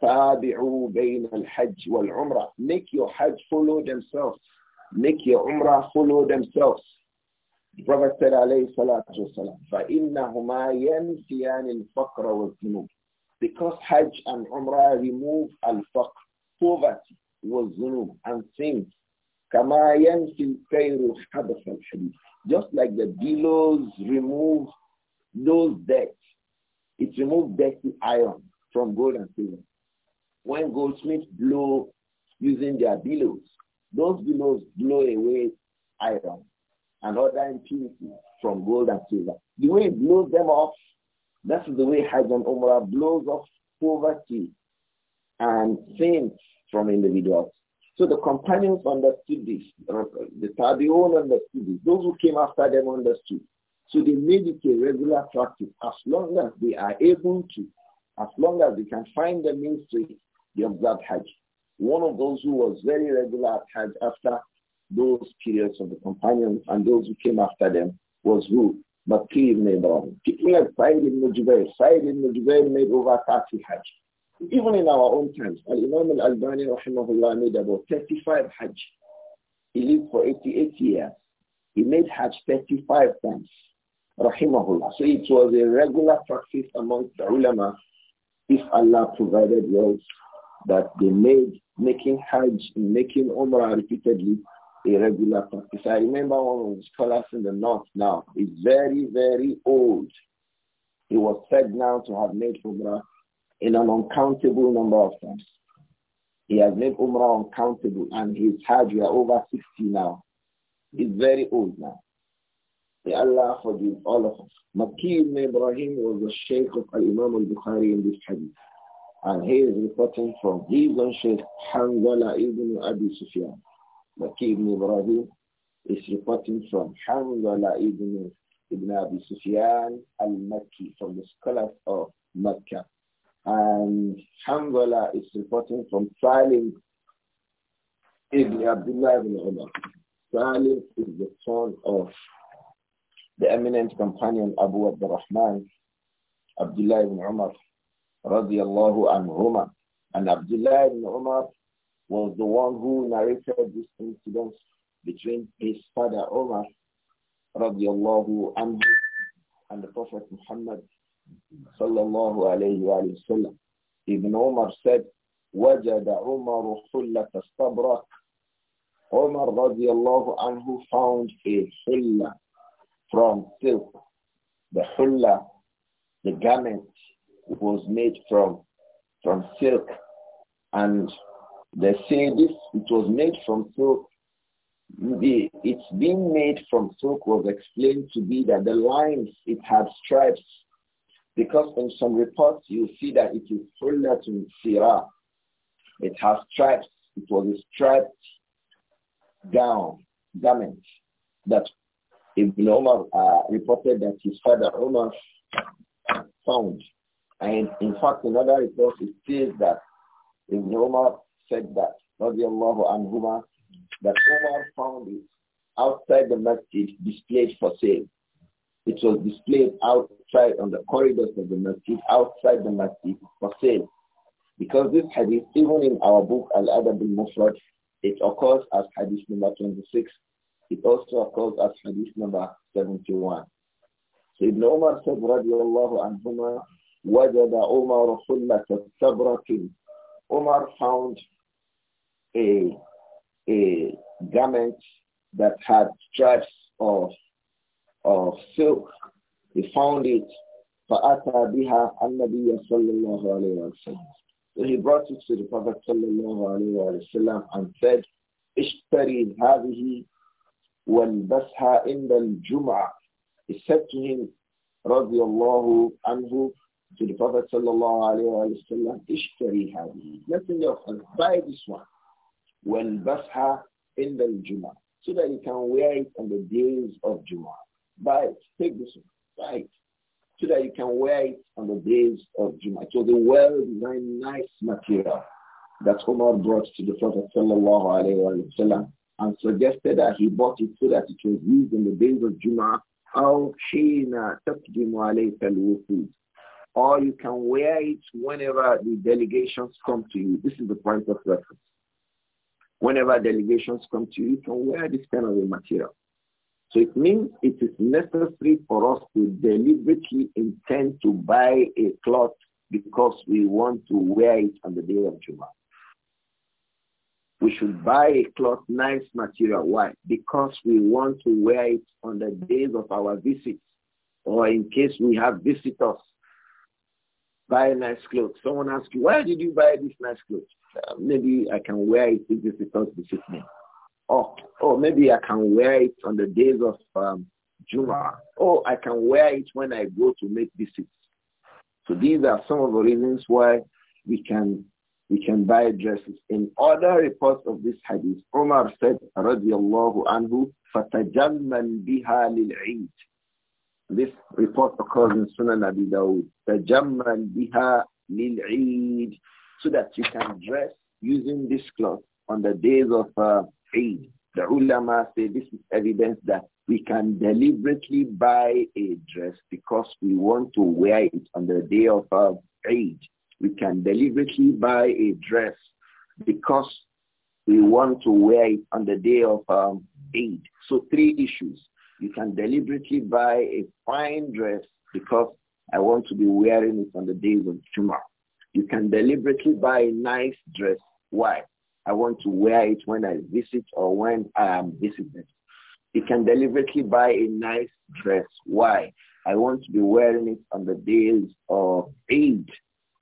تابعوا بين الحج والعمرة make your hajj follow themselves make your umrah follow themselves Brother Prophet said عليه الصلاة والسلام فإنهما ينفيان الفقر والذنوب because hajj and umrah remove al poverty والذنوب and sins كما ينفي الخير حدث الحديث just like the billows remove those debts. It removed dirty iron from gold and silver. When goldsmiths blow using their billows, those billows blow away iron and other impurities from gold and silver. The way it blows them off, that's the way Hajj Umrah blows off poverty and sin from individuals. So the companions understood this. The Tabi'un understood this. Those who came after them understood. So they made it a regular practice. As long as they are able to, as long as they can find the means to they observe Hajj. One of those who was very regular at Hajj after those periods of the companions and those who came after them was who? Bakir ibn Ibrahim. People like Said ibn Jubair. Said ibn Jubair made over 30 Hajj. Even in our own times, Al-Imam al-Albani rahimahullah made about 35 Hajj. He lived for 88 years. He made Hajj 35 times. Rahimahullah. So it was a regular practice amongst the ulama if Allah provided wealth that they made making Hajj and making Umrah repeatedly a regular practice. I remember one of the scholars in the north now is very, very old. He was said now to have made Umrah in an uncountable number of times. He has made Umrah uncountable and his Hajj were over 60 now. He's very old now. May Allah forgive all of us. Maki ibn Ibrahim was the Sheikh of Al-Imam al-Bukhari in this hadith. And he is reporting from his own Sheikh Hanzala ibn Abi Sufyan. Maki ibn Ibrahim is reporting from Hanzala ibn, ibn Abi Sufyan al-Makki, from the scholars of Makkah. And Hanzala is reporting from Salim ibn Abdullah ibn Umar. Salim is the son of the eminent companion Abu Abdurrahman, Abdullah ibn Umar, radiallahu anhuma. And Abdullah ibn Umar was the one who narrated this incident between his father Umar, radiallahu anhu, and the Prophet Muhammad, sallallahu alayhi wa sallam. Ibn Umar said, وَجَدَ عُمَرُ حُلَّةَ اسْتَبْرَقٍ Umar anhu found a hullah, the garment was made from, from silk. And they say this, it was made from silk. The, it's being made from silk was explained to be that the lines, it had stripes. Because in some reports, you see that it is hullatun sirah. It has stripes. It was a striped gown, garment that Ibn Omar uh, reported that his father Omar found. And in fact, another report states says that Ibn Omar said that, radiallahu anhuma, that Omar found it outside the masjid displayed for sale. It was displayed outside on the corridors of the masjid, outside the masjid for sale. Because this hadith, even in our book Al-Adab al-Mufrad, it occurs as hadith number 26 it also occurs as hadith number 71. So Ibn Umar said, radiallahu anhuma, وَجَدَ عُمَرُ حُلَّةَ سَبْرَةٍ Umar found a, a garment that had stripes of, of silk. He found it. فَأَتَى بِهَا النَّبِيَّ صَلَّى اللَّهُ عَلَيْهِ وَسَلَّمَ So he brought it to the Prophet sallallahu alayhi wa sallam and said, اشْتَرِي هَذِهِ وَالْبَسْهَا عِنْدَ الْجُمْعَةِ He said to him, رضي الله عنه, to the Prophet sallallahu alayhi wa sallam, اشتري هذه. Messenger of Allah, buy this one. وَالْبَسْهَا عِنْدَ الْجُمْعَةِ So that you can wear it on the days of Jum'ah. Buy it. Take this one. Buy it. So that you can wear it on the days of Jum'ah. So the well-designed, nice material that Omar brought to the Prophet sallallahu alayhi wa sallam and suggested that he bought it so that it was used in the days of Juma. أو حين تقدم عليك الوفود or you can wear it whenever the delegations come to you. This is the point of reference. Whenever delegations come to you, you can wear this kind of a material. So it means it is necessary for us to deliberately intend to buy a cloth because we want to wear it on the day of Juma. We should buy a cloth, nice material. Why? Because we want to wear it on the days of our visits or in case we have visitors. Buy a nice clothes. Someone asks you, why did you buy this nice clothes? Uh, maybe I can wear it if visitors visit me. Or, oh, maybe I can wear it on the days of um, Juma. Or I can wear it when I go to make visits. So these are some of the reasons why we can we can buy dresses. In other reports of this hadith, Umar said, radiallahu anhu, فَتَجَمَّلْ بِهَا لِلْعِيدِ This report occurs in Sunan Abi Dawud. تَجَمَّلْ بِهَا لِلْعِيدِ So that you can dress using this cloth on the days of uh, Eid. The ulama say this is evidence that we can deliberately buy a dress because we want to wear it on the day of uh, Eid we can deliberately buy a dress because we want to wear it on the day of um, Eid. So three issues. You can deliberately buy a fine dress because I want to be wearing it on the days of Juma. You can deliberately buy a nice dress. Why? I want to wear it when I visit or when I am visited. You can deliberately buy a nice dress. Why? I want to be wearing it on the days of Eid.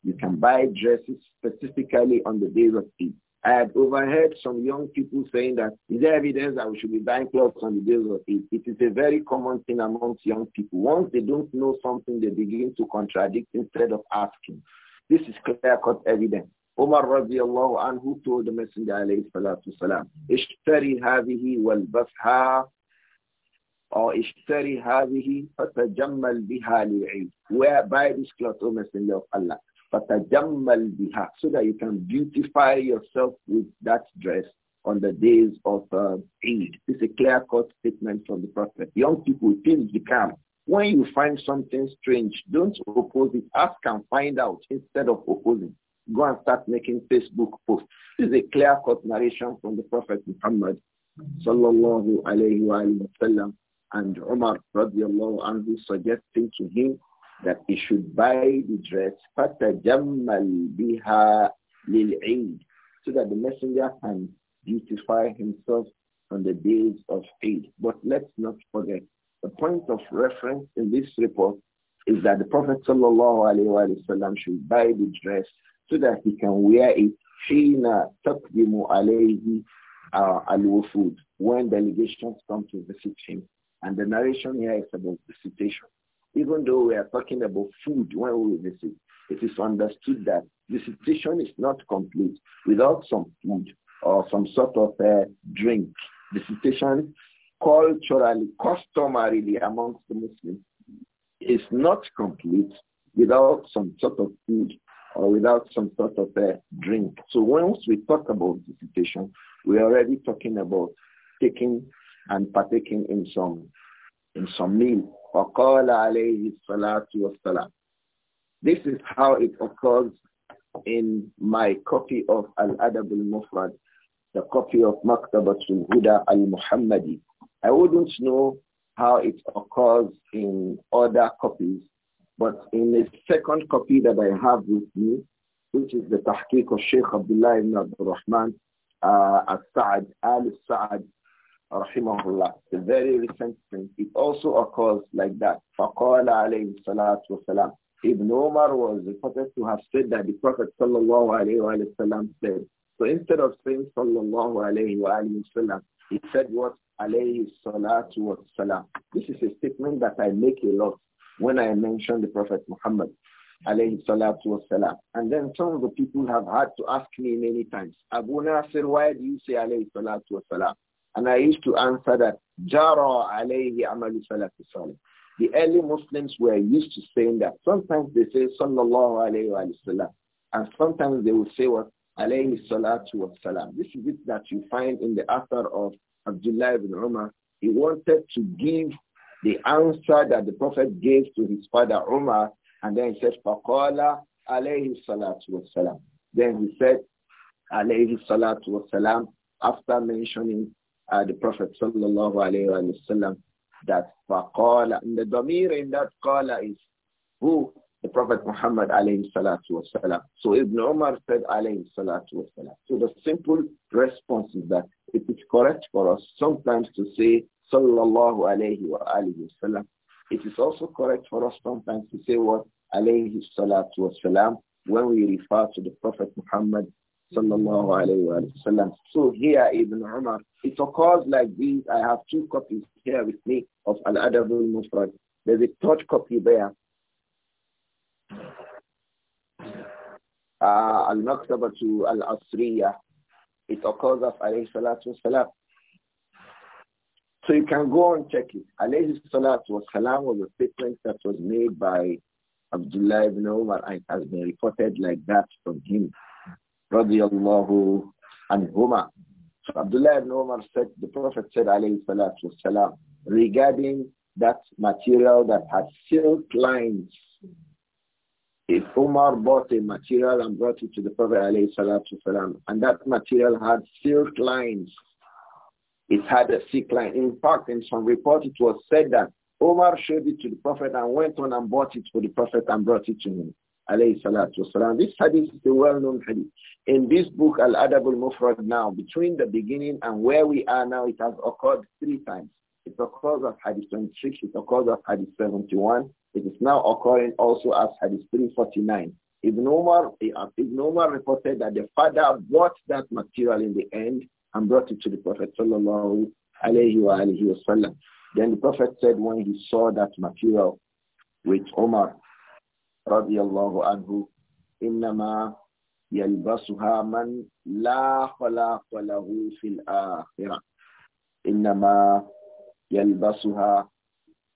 You can buy dresses specifically on the days of Eid. I had overheard some young people saying that is there evidence that we should be buying clothes on the days of Eid? It is a very common thing amongst young people. Once they don't know something, they begin to contradict instead of asking. This is clear-cut evidence. Umar radiallahu anhu told the Messenger alayhi salatu salam, Ishtari havihi wal basha or ishtari havihi fatajammal biha li'id. Where buy this cloth, O Messenger of Allah. فَتَجَمَّلْ بِهَا So that you can beautify yourself with that dress on the days of uh, Eid. It's a clear-cut statement from the Prophet. Young people, things become. When you find something strange, don't oppose it. Ask and find out instead of opposing. Go and start making Facebook posts. This is a clear-cut narration from the Prophet Muhammad sallallahu alayhi wa sallam and Umar radiallahu anhu suggesting to him that he should buy the dress biha lil Eid, so that the messenger can beautify himself on the days of Eid. But let's not forget, the point of reference in this report is that the Prophet wasallam should buy the dress so that he can wear it حين تقدم عليه الوفود when delegations come to visit him. And the narration here is about the citation. Even though we are talking about food when we visit, it is understood that the visitation is not complete without some food or some sort of uh, drink. Visitation culturally, customarily amongst the Muslims is not complete without some sort of food or without some sort of a drink. So once we talk about the visitation, we're already talking about taking and partaking in some in some meal وقال عليه الصلاة والسلام. This is how it occurs in my copy of Al-Adab al-Mufrad, the copy of Maktabat al-Huda al-Muhammadi. I wouldn't know how it occurs in other copies, but in the second copy that I have with me, which is the Tahqiq of Sheikh Abdullah ibn Abdul Rahman uh, Al-Sa'ad, Al-Sa'ad, rahimahullah, the very recent thing, it also occurs like that. فَقَالَ عَلَيْهِ الصَّلَاةُ وَسَلَامُ Ibn Omar was reported to have said that the Prophet sallallahu alayhi wa sallam said, so instead of saying sallallahu alayhi wa sallam, he said what? Alayhi salatu wa salam. This is a statement that I make a lot when I mention the Prophet Muhammad alayhi salatu wa salam. And then some of the people have had to ask me many times, Abu Nasir, why do you say alayhi salatu wa salam? And I used to answer that, Jara alayhi amalu salafi The early Muslims were used to saying that. Sometimes they say, sallallahu alayhi wa sallam. And sometimes they will say what? Alayhi salatu wa salam. This is it that you find in the author of Abdullah ibn Umar. He wanted to give the answer that the Prophet gave to his father Umar. And then he said, faqala alayhi salatu wa salam. Then he said, alayhi salatu wa salam, after mentioning uh, the Prophet sallallahu alayhi wa sallam that faqala, and the damir in that qala is who? The Prophet Muhammad alayhi salatu wasalam. So Ibn Umar said alayhi salatu So the simple response is that it is correct for us sometimes to say sallallahu alayhi wa alihi It is also correct for us sometimes to say what alayhi salatu when we refer to the Prophet Muhammad sallallahu alayhi wa So here Ibn Umar, it occurs like this. I have two copies here with me of al Adabul al-Mufrad. There's a third copy there. Uh, Al-Maktabatu al-Asriya. It occurs as alayhi salatu Salam. So you can go and check it. Alayhi salatu Salam was a statement that was made by Abdullah ibn Umar and has been reported like that from him radiallahu anhuma. So Abdullah ibn Umar said, the Prophet said, alayhi salatu wasalam, regarding that material that has silk lines. If Umar bought a material and brought it to the Prophet alayhi salatu wasalam, and that material had silk lines, it had a silk line. In fact, in some report, it was said that Omar showed it to the Prophet and went on and bought it for the Prophet and brought it to him alayhi This hadith is a well-known hadith. In this book, Al-Adab al-Mufrad now, between the beginning and where we are now, it has occurred three times. It occurs as hadith 26, it occurs as hadith 71. It is now occurring also as hadith 349. Ibn Umar, eh, Ibn Umar reported that the father bought that material in the end and brought it to the Prophet sallallahu alayhi wa alayhi wa sallam. Then the Prophet said when he saw that material with Omar, رضي الله عنه إنما يلبسها من لا خلاق له في الآخرة إنما يلبسها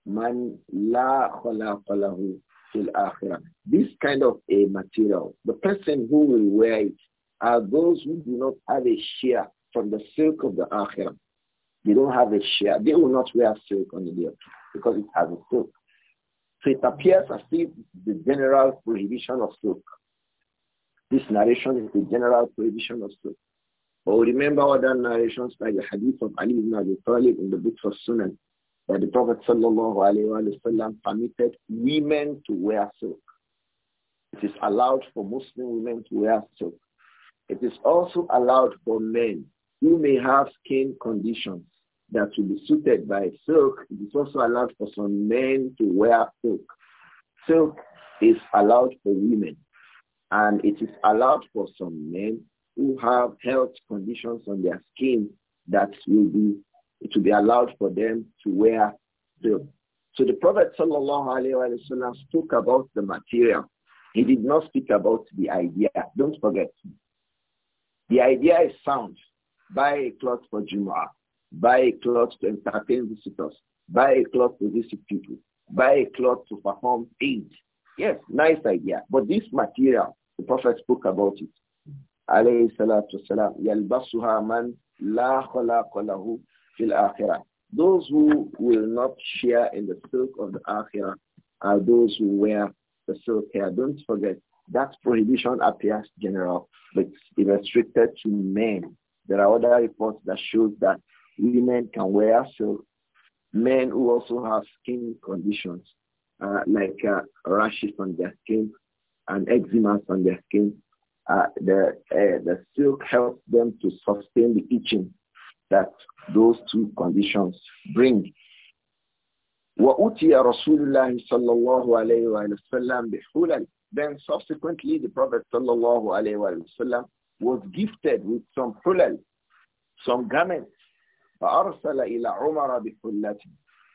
من لا خلاق له في الآخرة This kind of a material, the person who will wear it are those who do not have a share from the silk of the Akhirah. They don't have a share. They will not wear silk on the day because it has a silk. So it appears as if the general prohibition of stroke. This narration is the general prohibition of stroke. But remember other narrations like the hadith of Ali ibn Abi Talib in the books of Sunan, that the Prophet wasallam permitted women to wear silk. It is allowed for Muslim women to wear silk. It is also allowed for men who may have skin conditions that will be suited by silk. It is also allowed for some men to wear silk. Silk is allowed for women and it is allowed for some men who have health conditions on their skin that will be, it will be allowed for them to wear silk. So the Prophet wasallam spoke about the material. He did not speak about the idea. Don't forget. The idea is sound. Buy a cloth for Jumu'ah Buy cloth to entertain visitors. Buy cloth to visit people. Buy cloth to perform aid. Yes, nice idea. But this material, the Prophet spoke about it. Alayhi salatu salam. Yalbasuha man la khalaqalahu fil akhirah. Those who will not share in the silk of the akhirah are those who wear the silk hair. Don't forget, that prohibition appears general, but it's restricted to men. There are other reports that shows that women can wear, so men who also have skin conditions, uh, like uh, rashes on their skin and eczemas on their skin, uh, the, uh, the silk helps them to sustain the itching that those two conditions bring. وأتي رسول الله صلى الله عليه وسلم بحلل Then subsequently the Prophet صلى الله عليه sallam was gifted with some hulal, some garments فأرسل إلى عمر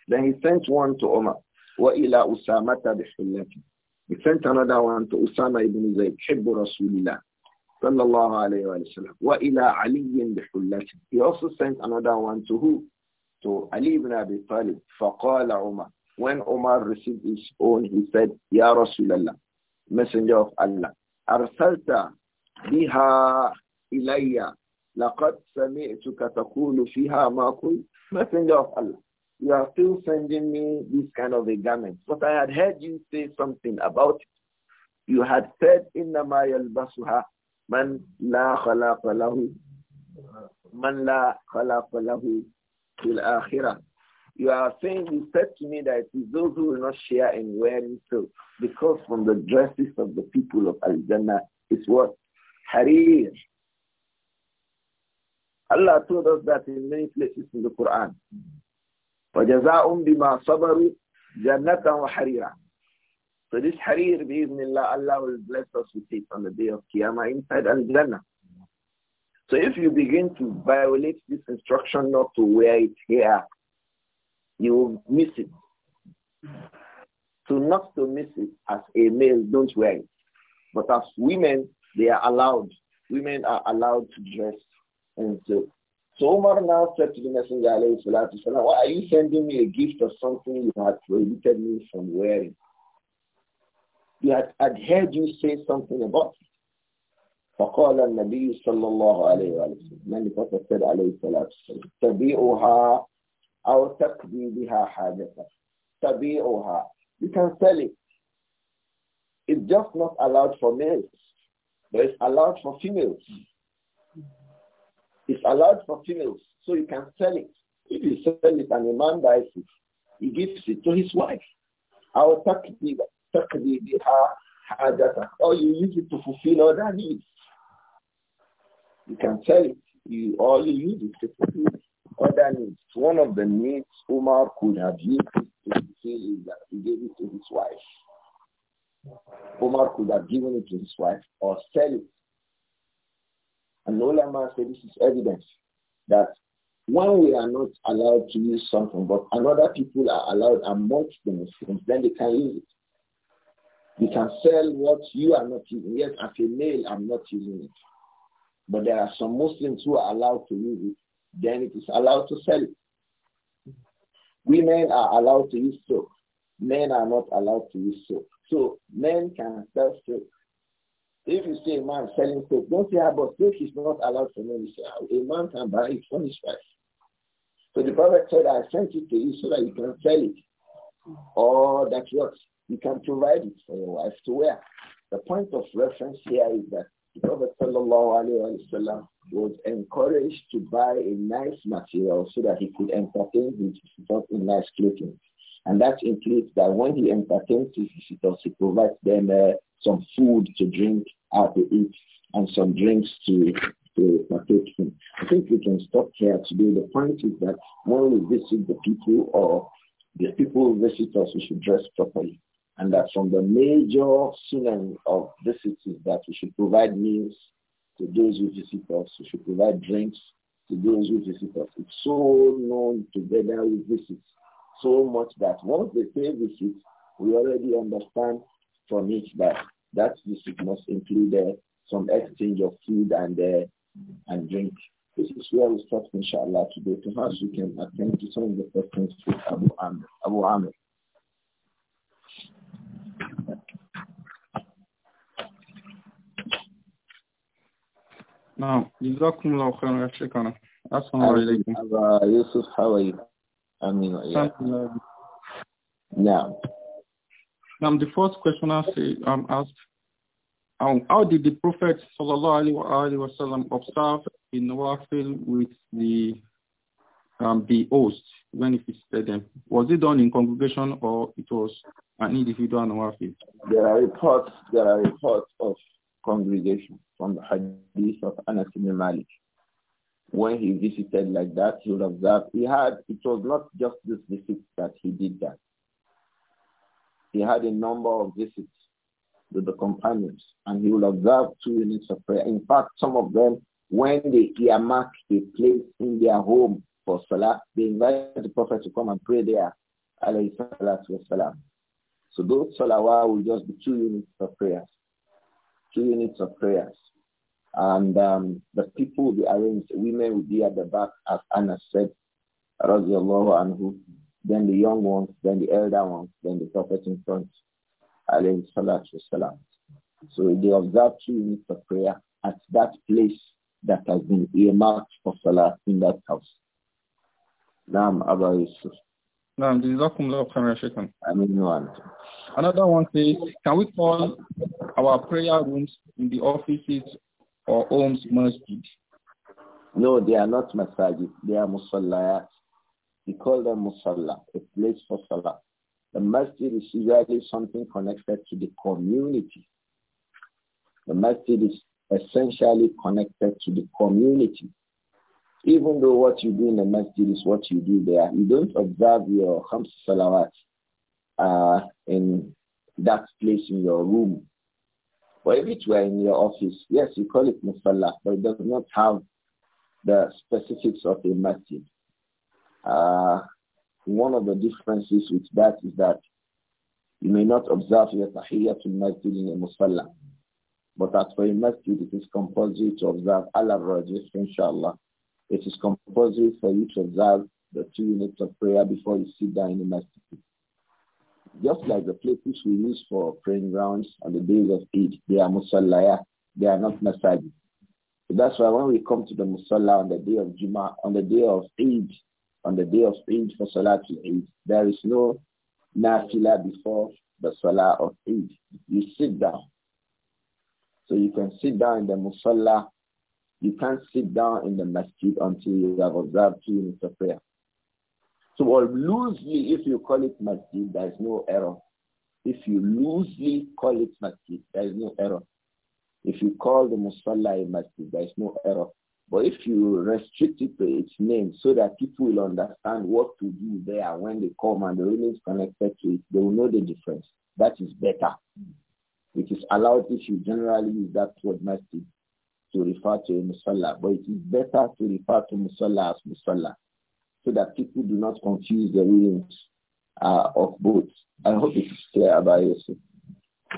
Then he sent one to Omar, وإلى أسامة He sent another one to Usama ibn Zayd. حب رسول الله صلى الله عليه وسلم. وإلى علي He also sent another one to who? To Ali ibn Abi Talib. فقال عمر When Omar received his own, he said, يا رسول الله Messenger of Allah. أرسلت بها إليّ لَقَدْ سَمِعْتُكَ تَقُولُ فِيهَا مَا كُلْ Messenger of Allah, you are still sending me this kind of a garment. But I had heard you say something about it. You had said, إِنَّمَا يَلْبَسُهَا مَنْ لَا خَلَقَ لَهُ مَنْ لَا خَلَقَ لَهُ فِي الْآخِرَةِ you are saying, you said to me that it is those who will not share in wearing silk, because from the dresses of the people of Al-Jannah is what? Harir. Allah told us that in many places in the Quran. وَجَزَاءٌ بِمَا صَبَرُوا جَنَّةً وَحَرِيرًا So this harir, bi'idhnillah, Allah will bless us with it on the day of Qiyamah inside Al-Jannah. So if you begin to violate this instruction not to wear it here, you will miss it. So not to miss it as a male, don't wear it. But as women, they are allowed. Women are allowed to dress and so, so Omar now said to the Messenger, alayhi salatu salam, why are you sending me a gift of something you had prohibited me from wearing? You had, had heard you say something about it. فقال النبي صلى الله عليه وسلم من فتسر عليه الصلاة والسلام تبيعها أو تقضي بها حاجتك تبيعها You can sell it. It's just not allowed for males, but it's allowed for females. It's allowed for females, so you can sell it. If you sell it and a man buys it, he gives it to his wife. Our or you use it to fulfill other needs. You can sell it, you, or you use it to fulfill other needs. One of the needs Umar could have used it to fulfill is that he gave it to his wife. Omar could have given it to his wife or sell it and the ulama say this is evidence that when we are not allowed to use something, but another people are allowed amongst the Muslims, then they can use it. You can sell what you are not using. Yes, as a male, I'm not using it. But there are some Muslims who are allowed to use it. Then it is allowed to sell it. Women are allowed to use soap. Men are not allowed to use soap. So men can sell soap. If you see a man selling soap, don't say, about ah, but soap is not allowed for men. Ah, a man can buy it for his wife. So the Prophet said, I sent it to you so that you can sell it. Or that what? You can provide it for your wife to wear. The point of reference here is that the Prophet wasallam was encouraged to buy a nice material so that he could entertain his wife in nice clothing. And that includes that when he entertains his visitors, he provides them uh, some food to drink or to eat and some drinks to, to partake in. I think we can stop here today. The point is that when we visit the people or the people visit us, we should dress properly. And that from the major synonym of visits is that we should provide meals to those who visit us. We should provide drinks to those who visit us. It's so known together with visits so much that once they say visit, we already understand from it that that visit must include uh, some exchange of food and uh, and drink. This is where we start, inshallah, today. Perhaps we can attend to some of the questions with Abu Amr. Abu Amr. نعم جزاكم الله خيرا يا شيخنا السلام how are you Amin. Yeah. Um, now, um, the first question I see, um, asked, um, how did the Prophet wasallam observe the Nawafil with the um, the host when he visited them? Was it done in congregation or it was an individual Nawafil? There are reports. There are reports of congregation from the Hadith of Anas ibn Malik when he visited like that, he would observe he had, it was not just this visit that he did that. He had a number of visits with the companions and he would observe two units of prayer. In fact, some of them, when they earmark a place in their home for Salah, they invite the Prophet to come and pray there. So those Salawah will just be two units of prayers. Two units of prayers. And um, the people will be arranged. Women will be at the back, as Anna said, and Anhu. Then the young ones, then the elder ones, then the prophet in front, alayhi salatu So they observe two minutes of prayer at that place that has been earmarked for salah in that house. Naam, Abba Yusuf. Naam, Jazakumullah khairan, Shaykhan. Ameen Another one says, can we call our prayer rooms in the offices or homes masjid? No, they are not masajid. They are musallayat. We call them musalla, a place for salah. The masjid is usually something connected to the community. The masjid is essentially connected to the community. Even though what you do in the masjid is what you do there, you don't observe your khams salawat uh, in that place in your room or if it were in your office, yes, you call it musalla, but it does not have the specifics of a masjid. Uh, one of the differences with that is that you may not observe your tahiyyatul masjid in a musalla. But as for a masjid, it is compulsory to observe Allah rajih inshallah. It is compulsory for you to observe the two units of prayer before you sit down in the masjid. Just like the places we use for praying grounds on the days of Eid, they are musallaya. They are not masajid. So that's why when we come to the musalla on the day of Juma, on the day of Eid, on the day of Eid for Salatul Eid, there is no nafila before the Salah of Eid. You sit down. So you can sit down in the musalla. You can't sit down in the masjid until you have observed two minutes of prayer. So or loosely, if you call it masjid, there is no error. If you loosely call it masjid, there is no error. If you call the musalla a masjid, there is no error. But if you restrict it to its name so that people will understand what to do there when they come and the rulings connected to it, they will know the difference. That is better. It is allowed if you generally use that word masjid to refer to a musalla, but it is better to refer to musalla as musalla so that people do not confuse the rulings uh, of both. I hope it is clear about you.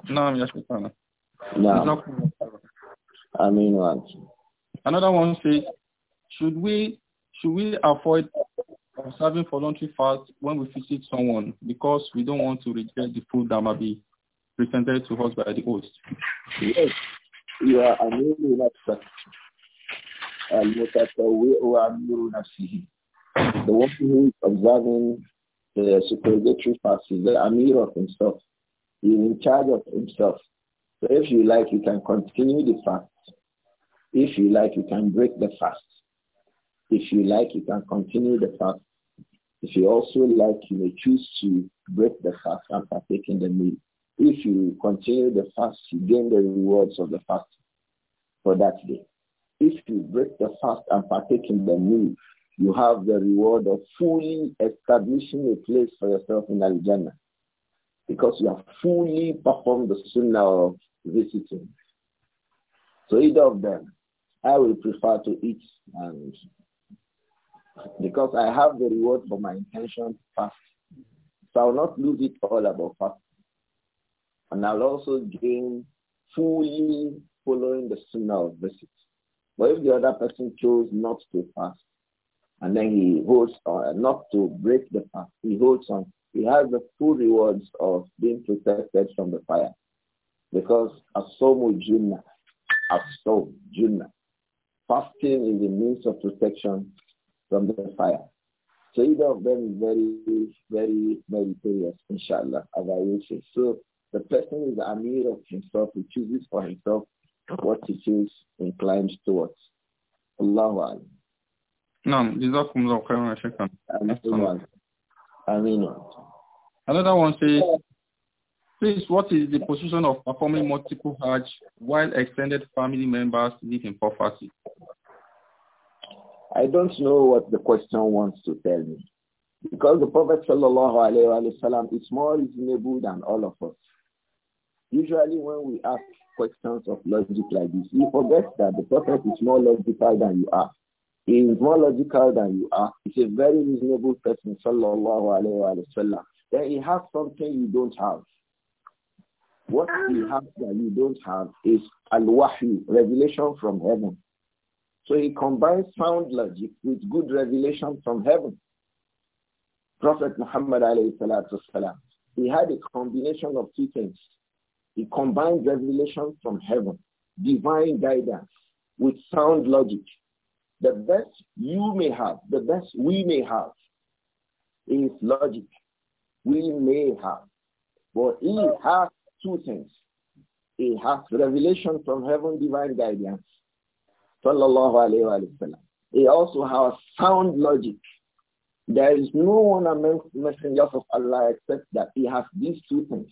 No, I'm just concerned. No. I mean what? Another one says, should we should we avoid observing voluntary fast when we visit someone because we don't want to reject the food that might be presented to us by the host? Yes, you are amazing the one who is observing the supererogatory fast is the Amir of himself. He is in charge of himself. So if you like, you can continue the fast. If you like, you can break the fast. If you like, you can continue the fast. If you also like, you may choose to break the fast partake in the meal. If you continue the fast, you gain the rewards of the fast for that day. If you break the fast and partake in the meal, you have the reward of fully establishing a place for yourself in Al-Jannah because you have fully performed the sunnah of visiting. So either of them, I will prefer to eat and because I have the reward for my intention fast. So I will not lose it all about fast. And I'll also gain fully following the sunnah of visit. But if the other person chose not to fast, and then he holds on, not to break the fast, he holds on. He has the full rewards of being protected from the fire. Because asomu junna, asom junna. Fasting is a means of protection from the fire. So either of them is very, very meritorious, inshallah, as I will say. So the person is Amir of himself. He chooses for himself what he feels inclined towards. Allahu Akbar. نعم جزاكم الله خيرا شكرا Another one says, please, what is the position of performing multiple Hajj while extended family members live in poverty? I don't know what the question wants to tell me. Because the Prophet sallallahu alayhi wa sallam is more reasonable than all of us. Usually when we ask questions of logic like this, we forget that the Prophet is more logical than you are. He is more logical than you are. He's a very reasonable person, sallallahu alayhi wa Then he has something you don't have. What he um. has that you don't have is al-wahyu, revelation from heaven. So he combines sound logic with good revelation from heaven. Prophet Muhammad alayhi salatu wasalam, he had a combination of two things. He combined revelation from heaven, divine guidance, with sound logic. The best you may have, the best we may have is logic. We may have. But he has two things. He has revelation from heaven, divine guidance. Sallallahu alayhi wa He also has sound logic. There is no one among messengers of Allah except that he has these two things.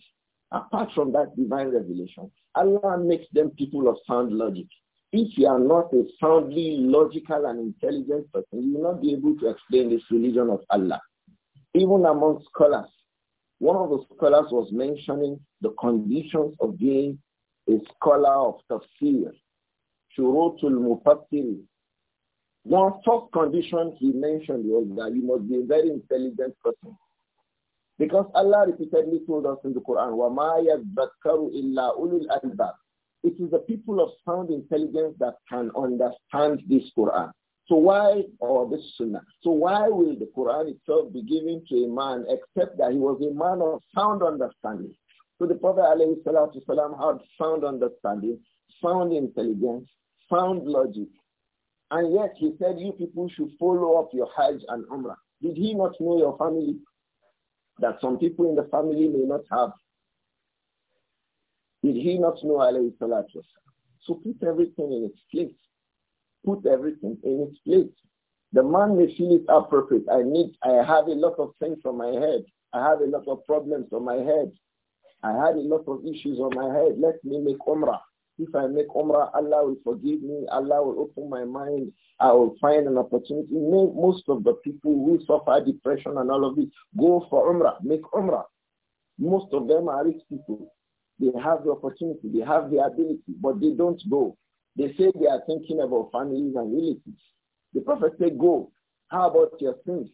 Apart from that divine revelation, Allah makes them people of sound logic. If you are not a soundly logical and intelligent person, you will not be able to explain this religion of Allah. Even among scholars, one of the scholars was mentioning the conditions of being a scholar of tafsir, shurutul mufassir. One first condition he mentioned was that you must be a very intelligent person. Because Allah repeatedly told us in the Quran, وَمَا يَذَّكَّرُ إِلَّا أُولُو الْأَلْبَابِ it is the people of sound intelligence that can understand this Quran. So why, or this Sunnah, so why will the Quran itself be given to a man except that he was a man of sound understanding? So the Prophet ﷺ had sound understanding, sound intelligence, sound logic. And yet he said, you people should follow up your Hajj and Umrah. Did he not know your family? That some people in the family may not have did he not know alayhi salatu So put everything in its place. Put everything in its place. The man may feel it appropriate. I need, I have a lot of things on my head. I have a lot of problems on my head. I had a lot of issues on my head. Let me make umrah. If I make umrah, Allah will forgive me. Allah will open my mind. I will find an opportunity. Most of the people who suffer depression and all of this go for umrah, make umrah. Most of them are rich people. They have the opportunity, they have the ability, but they don't go. They say they are thinking about families and relatives. The prophet said, go. How about your sins?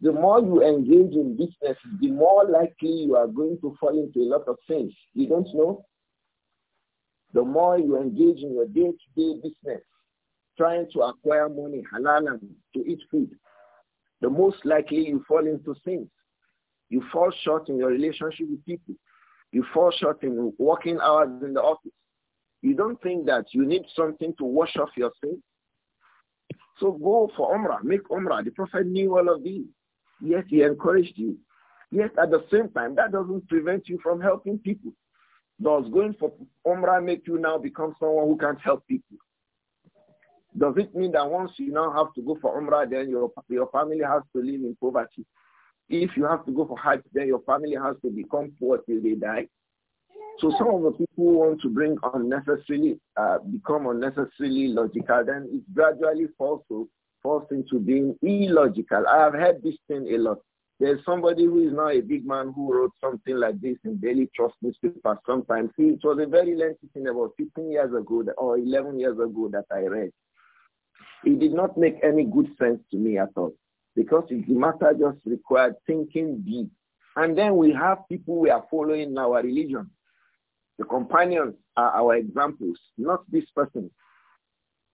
The more you engage in business, the more likely you are going to fall into a lot of sins. You don't know? The more you engage in your day-to-day -day business, trying to acquire money, halal, and to eat food, the most likely you fall into sins. You fall short in your relationship with people. You fall short in working hours in the office. You don't think that you need something to wash off your face. So go for Umrah, make Umrah. The Prophet knew all of these. Yes, he encouraged you. Yes, at the same time, that doesn't prevent you from helping people. Does going for Umrah make you now become someone who can't help people? Does it mean that once you now have to go for Umrah, then your, your family has to live in poverty? If you have to go for Hajj, then your family has to become poor till they die. So some of the people want to bring unnecessarily, uh, become unnecessarily logical, then it gradually falls, to, falls into being illogical. I have heard this thing a lot. There's somebody who is now a big man who wrote something like this in Daily Trust newspaper sometimes. See, it was a very lengthy thing about 15 years ago or 11 years ago that I read. It did not make any good sense to me at all. Because the matter just required thinking deep. And then we have people we are following our religion. The companions are our examples, not this person.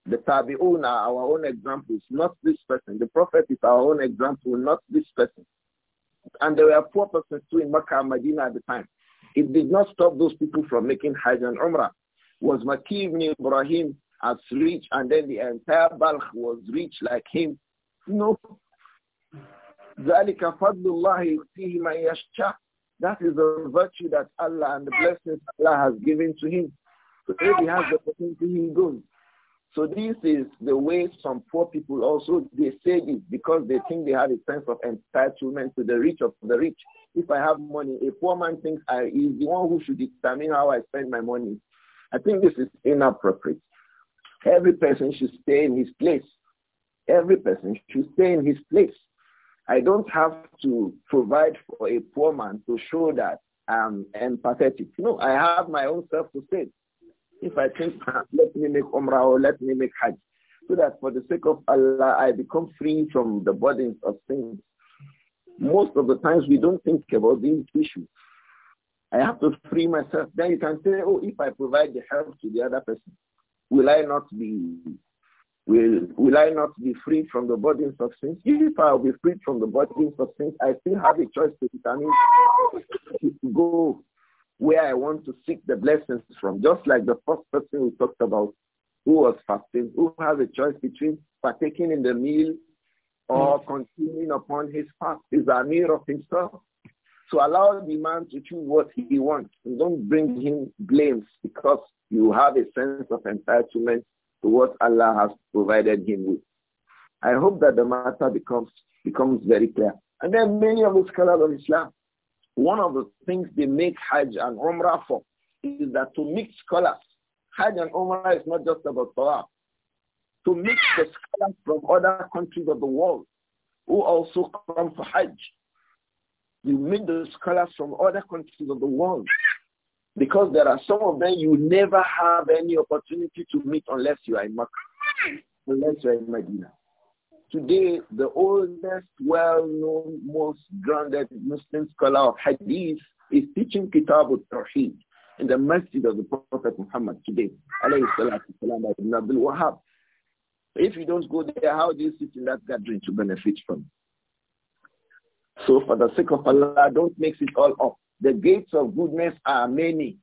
The Tabi'un are our own examples, not this person. The Prophet is our own example, not this person. And there were four persons too in Makkah and Medina at the time. It did not stop those people from making Hajj and Umrah. Was Makki ibn Ibrahim as rich and then the entire Balkh was rich like him? No. ذَلِكَ فَضْلُ اللَّهِ يُؤْتِيهِ مَنْ That is the virtue that Allah and the blessings Allah has given to him. So if he has the opportunity, he goes. So this is the way some poor people also, they say this because they think they have a sense of entitlement to the rich of the rich. If I have money, a poor man thinks I is the one who should determine how I spend my money. I think this is inappropriate. Every person should stay in his place. Every person should stay in his place. I don't have to provide for a poor man to show that I'm empathetic. No, I have my own self to say. If I think, ah, let me make Umrah or let me make Hajj, so that for the sake of Allah, I become free from the burdens of things. Most of the times we don't think about these issues. I have to free myself. Then you can say, oh, if I provide the help to the other person, will I not be Will, will I not be freed from the burdens of sins? If I will be freed from the burdens of sins, I still have a choice to determine to go where I want to seek the blessings from. Just like the first person we talked about who was fasting, who has a choice between partaking in the meal or mm. continuing upon his fast. Is a mirror of himself. So allow the man to choose what he wants. And don't bring him blames because you have a sense of entitlement to what Allah has provided him with. I hope that the matter becomes becomes very clear. And then many of the scholars of Islam, one of the things they make Hajj and Umrah for is that to mix scholars. Hajj and Umrah is not just about Torah. To mix the scholars from other countries of the world who also come for Hajj. You meet the scholars from other countries of the world because there are some of them you never have any opportunity to meet unless you are in Madina. unless you are in Medina. Today, the oldest, well-known, most grounded Muslim scholar of Hadith is teaching Kitab al-Tawheed in the masjid of the Prophet Muhammad today, If you don't go there, how do you sit in that gathering to benefit from? So for the sake of Allah, don't mix it all up. The gates of goodness are many.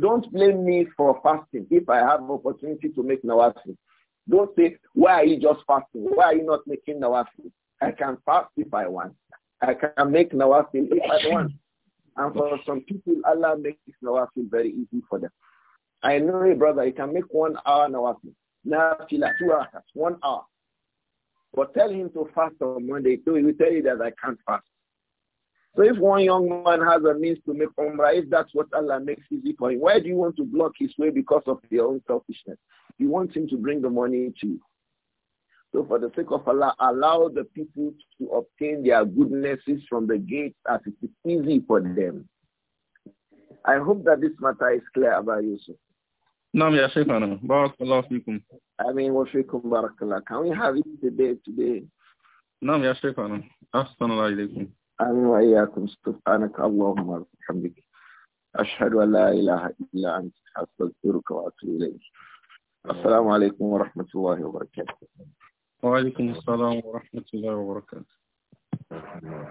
Don't blame me for fasting if I have opportunity to make nawafi. Don't say, why are you just fasting? Why are you not making nawafi? I can fast if I want. I can make nawafi if I want. And for some people, Allah makes nawafi very easy for them. I know a brother, he can make one hour nawafi. Nafila, two hours, one hour. But tell him to fast on Monday. So he will tell you that I can't fast. So if one young man has a means to make Umrah, if that's what Allah makes easy for him, why do you want to block his way because of your own selfishness? You want him to bring the money to you. So for the sake of Allah, allow the people to obtain their goodnesses from the gates as it is easy for them. I hope that this matter is clear about you, sir. نعم يا شيخنا بارك الله فيكم امين وفيكم Can we have it today today نعم يا شيخنا احسن الله آمين وإياكم سبحانك اللهم وبحمدك أشهد أن لا إله إلا أنت أستغفرك وأتوب إليك السلام عليكم ورحمة الله وبركاته وعليكم السلام ورحمة الله وبركاته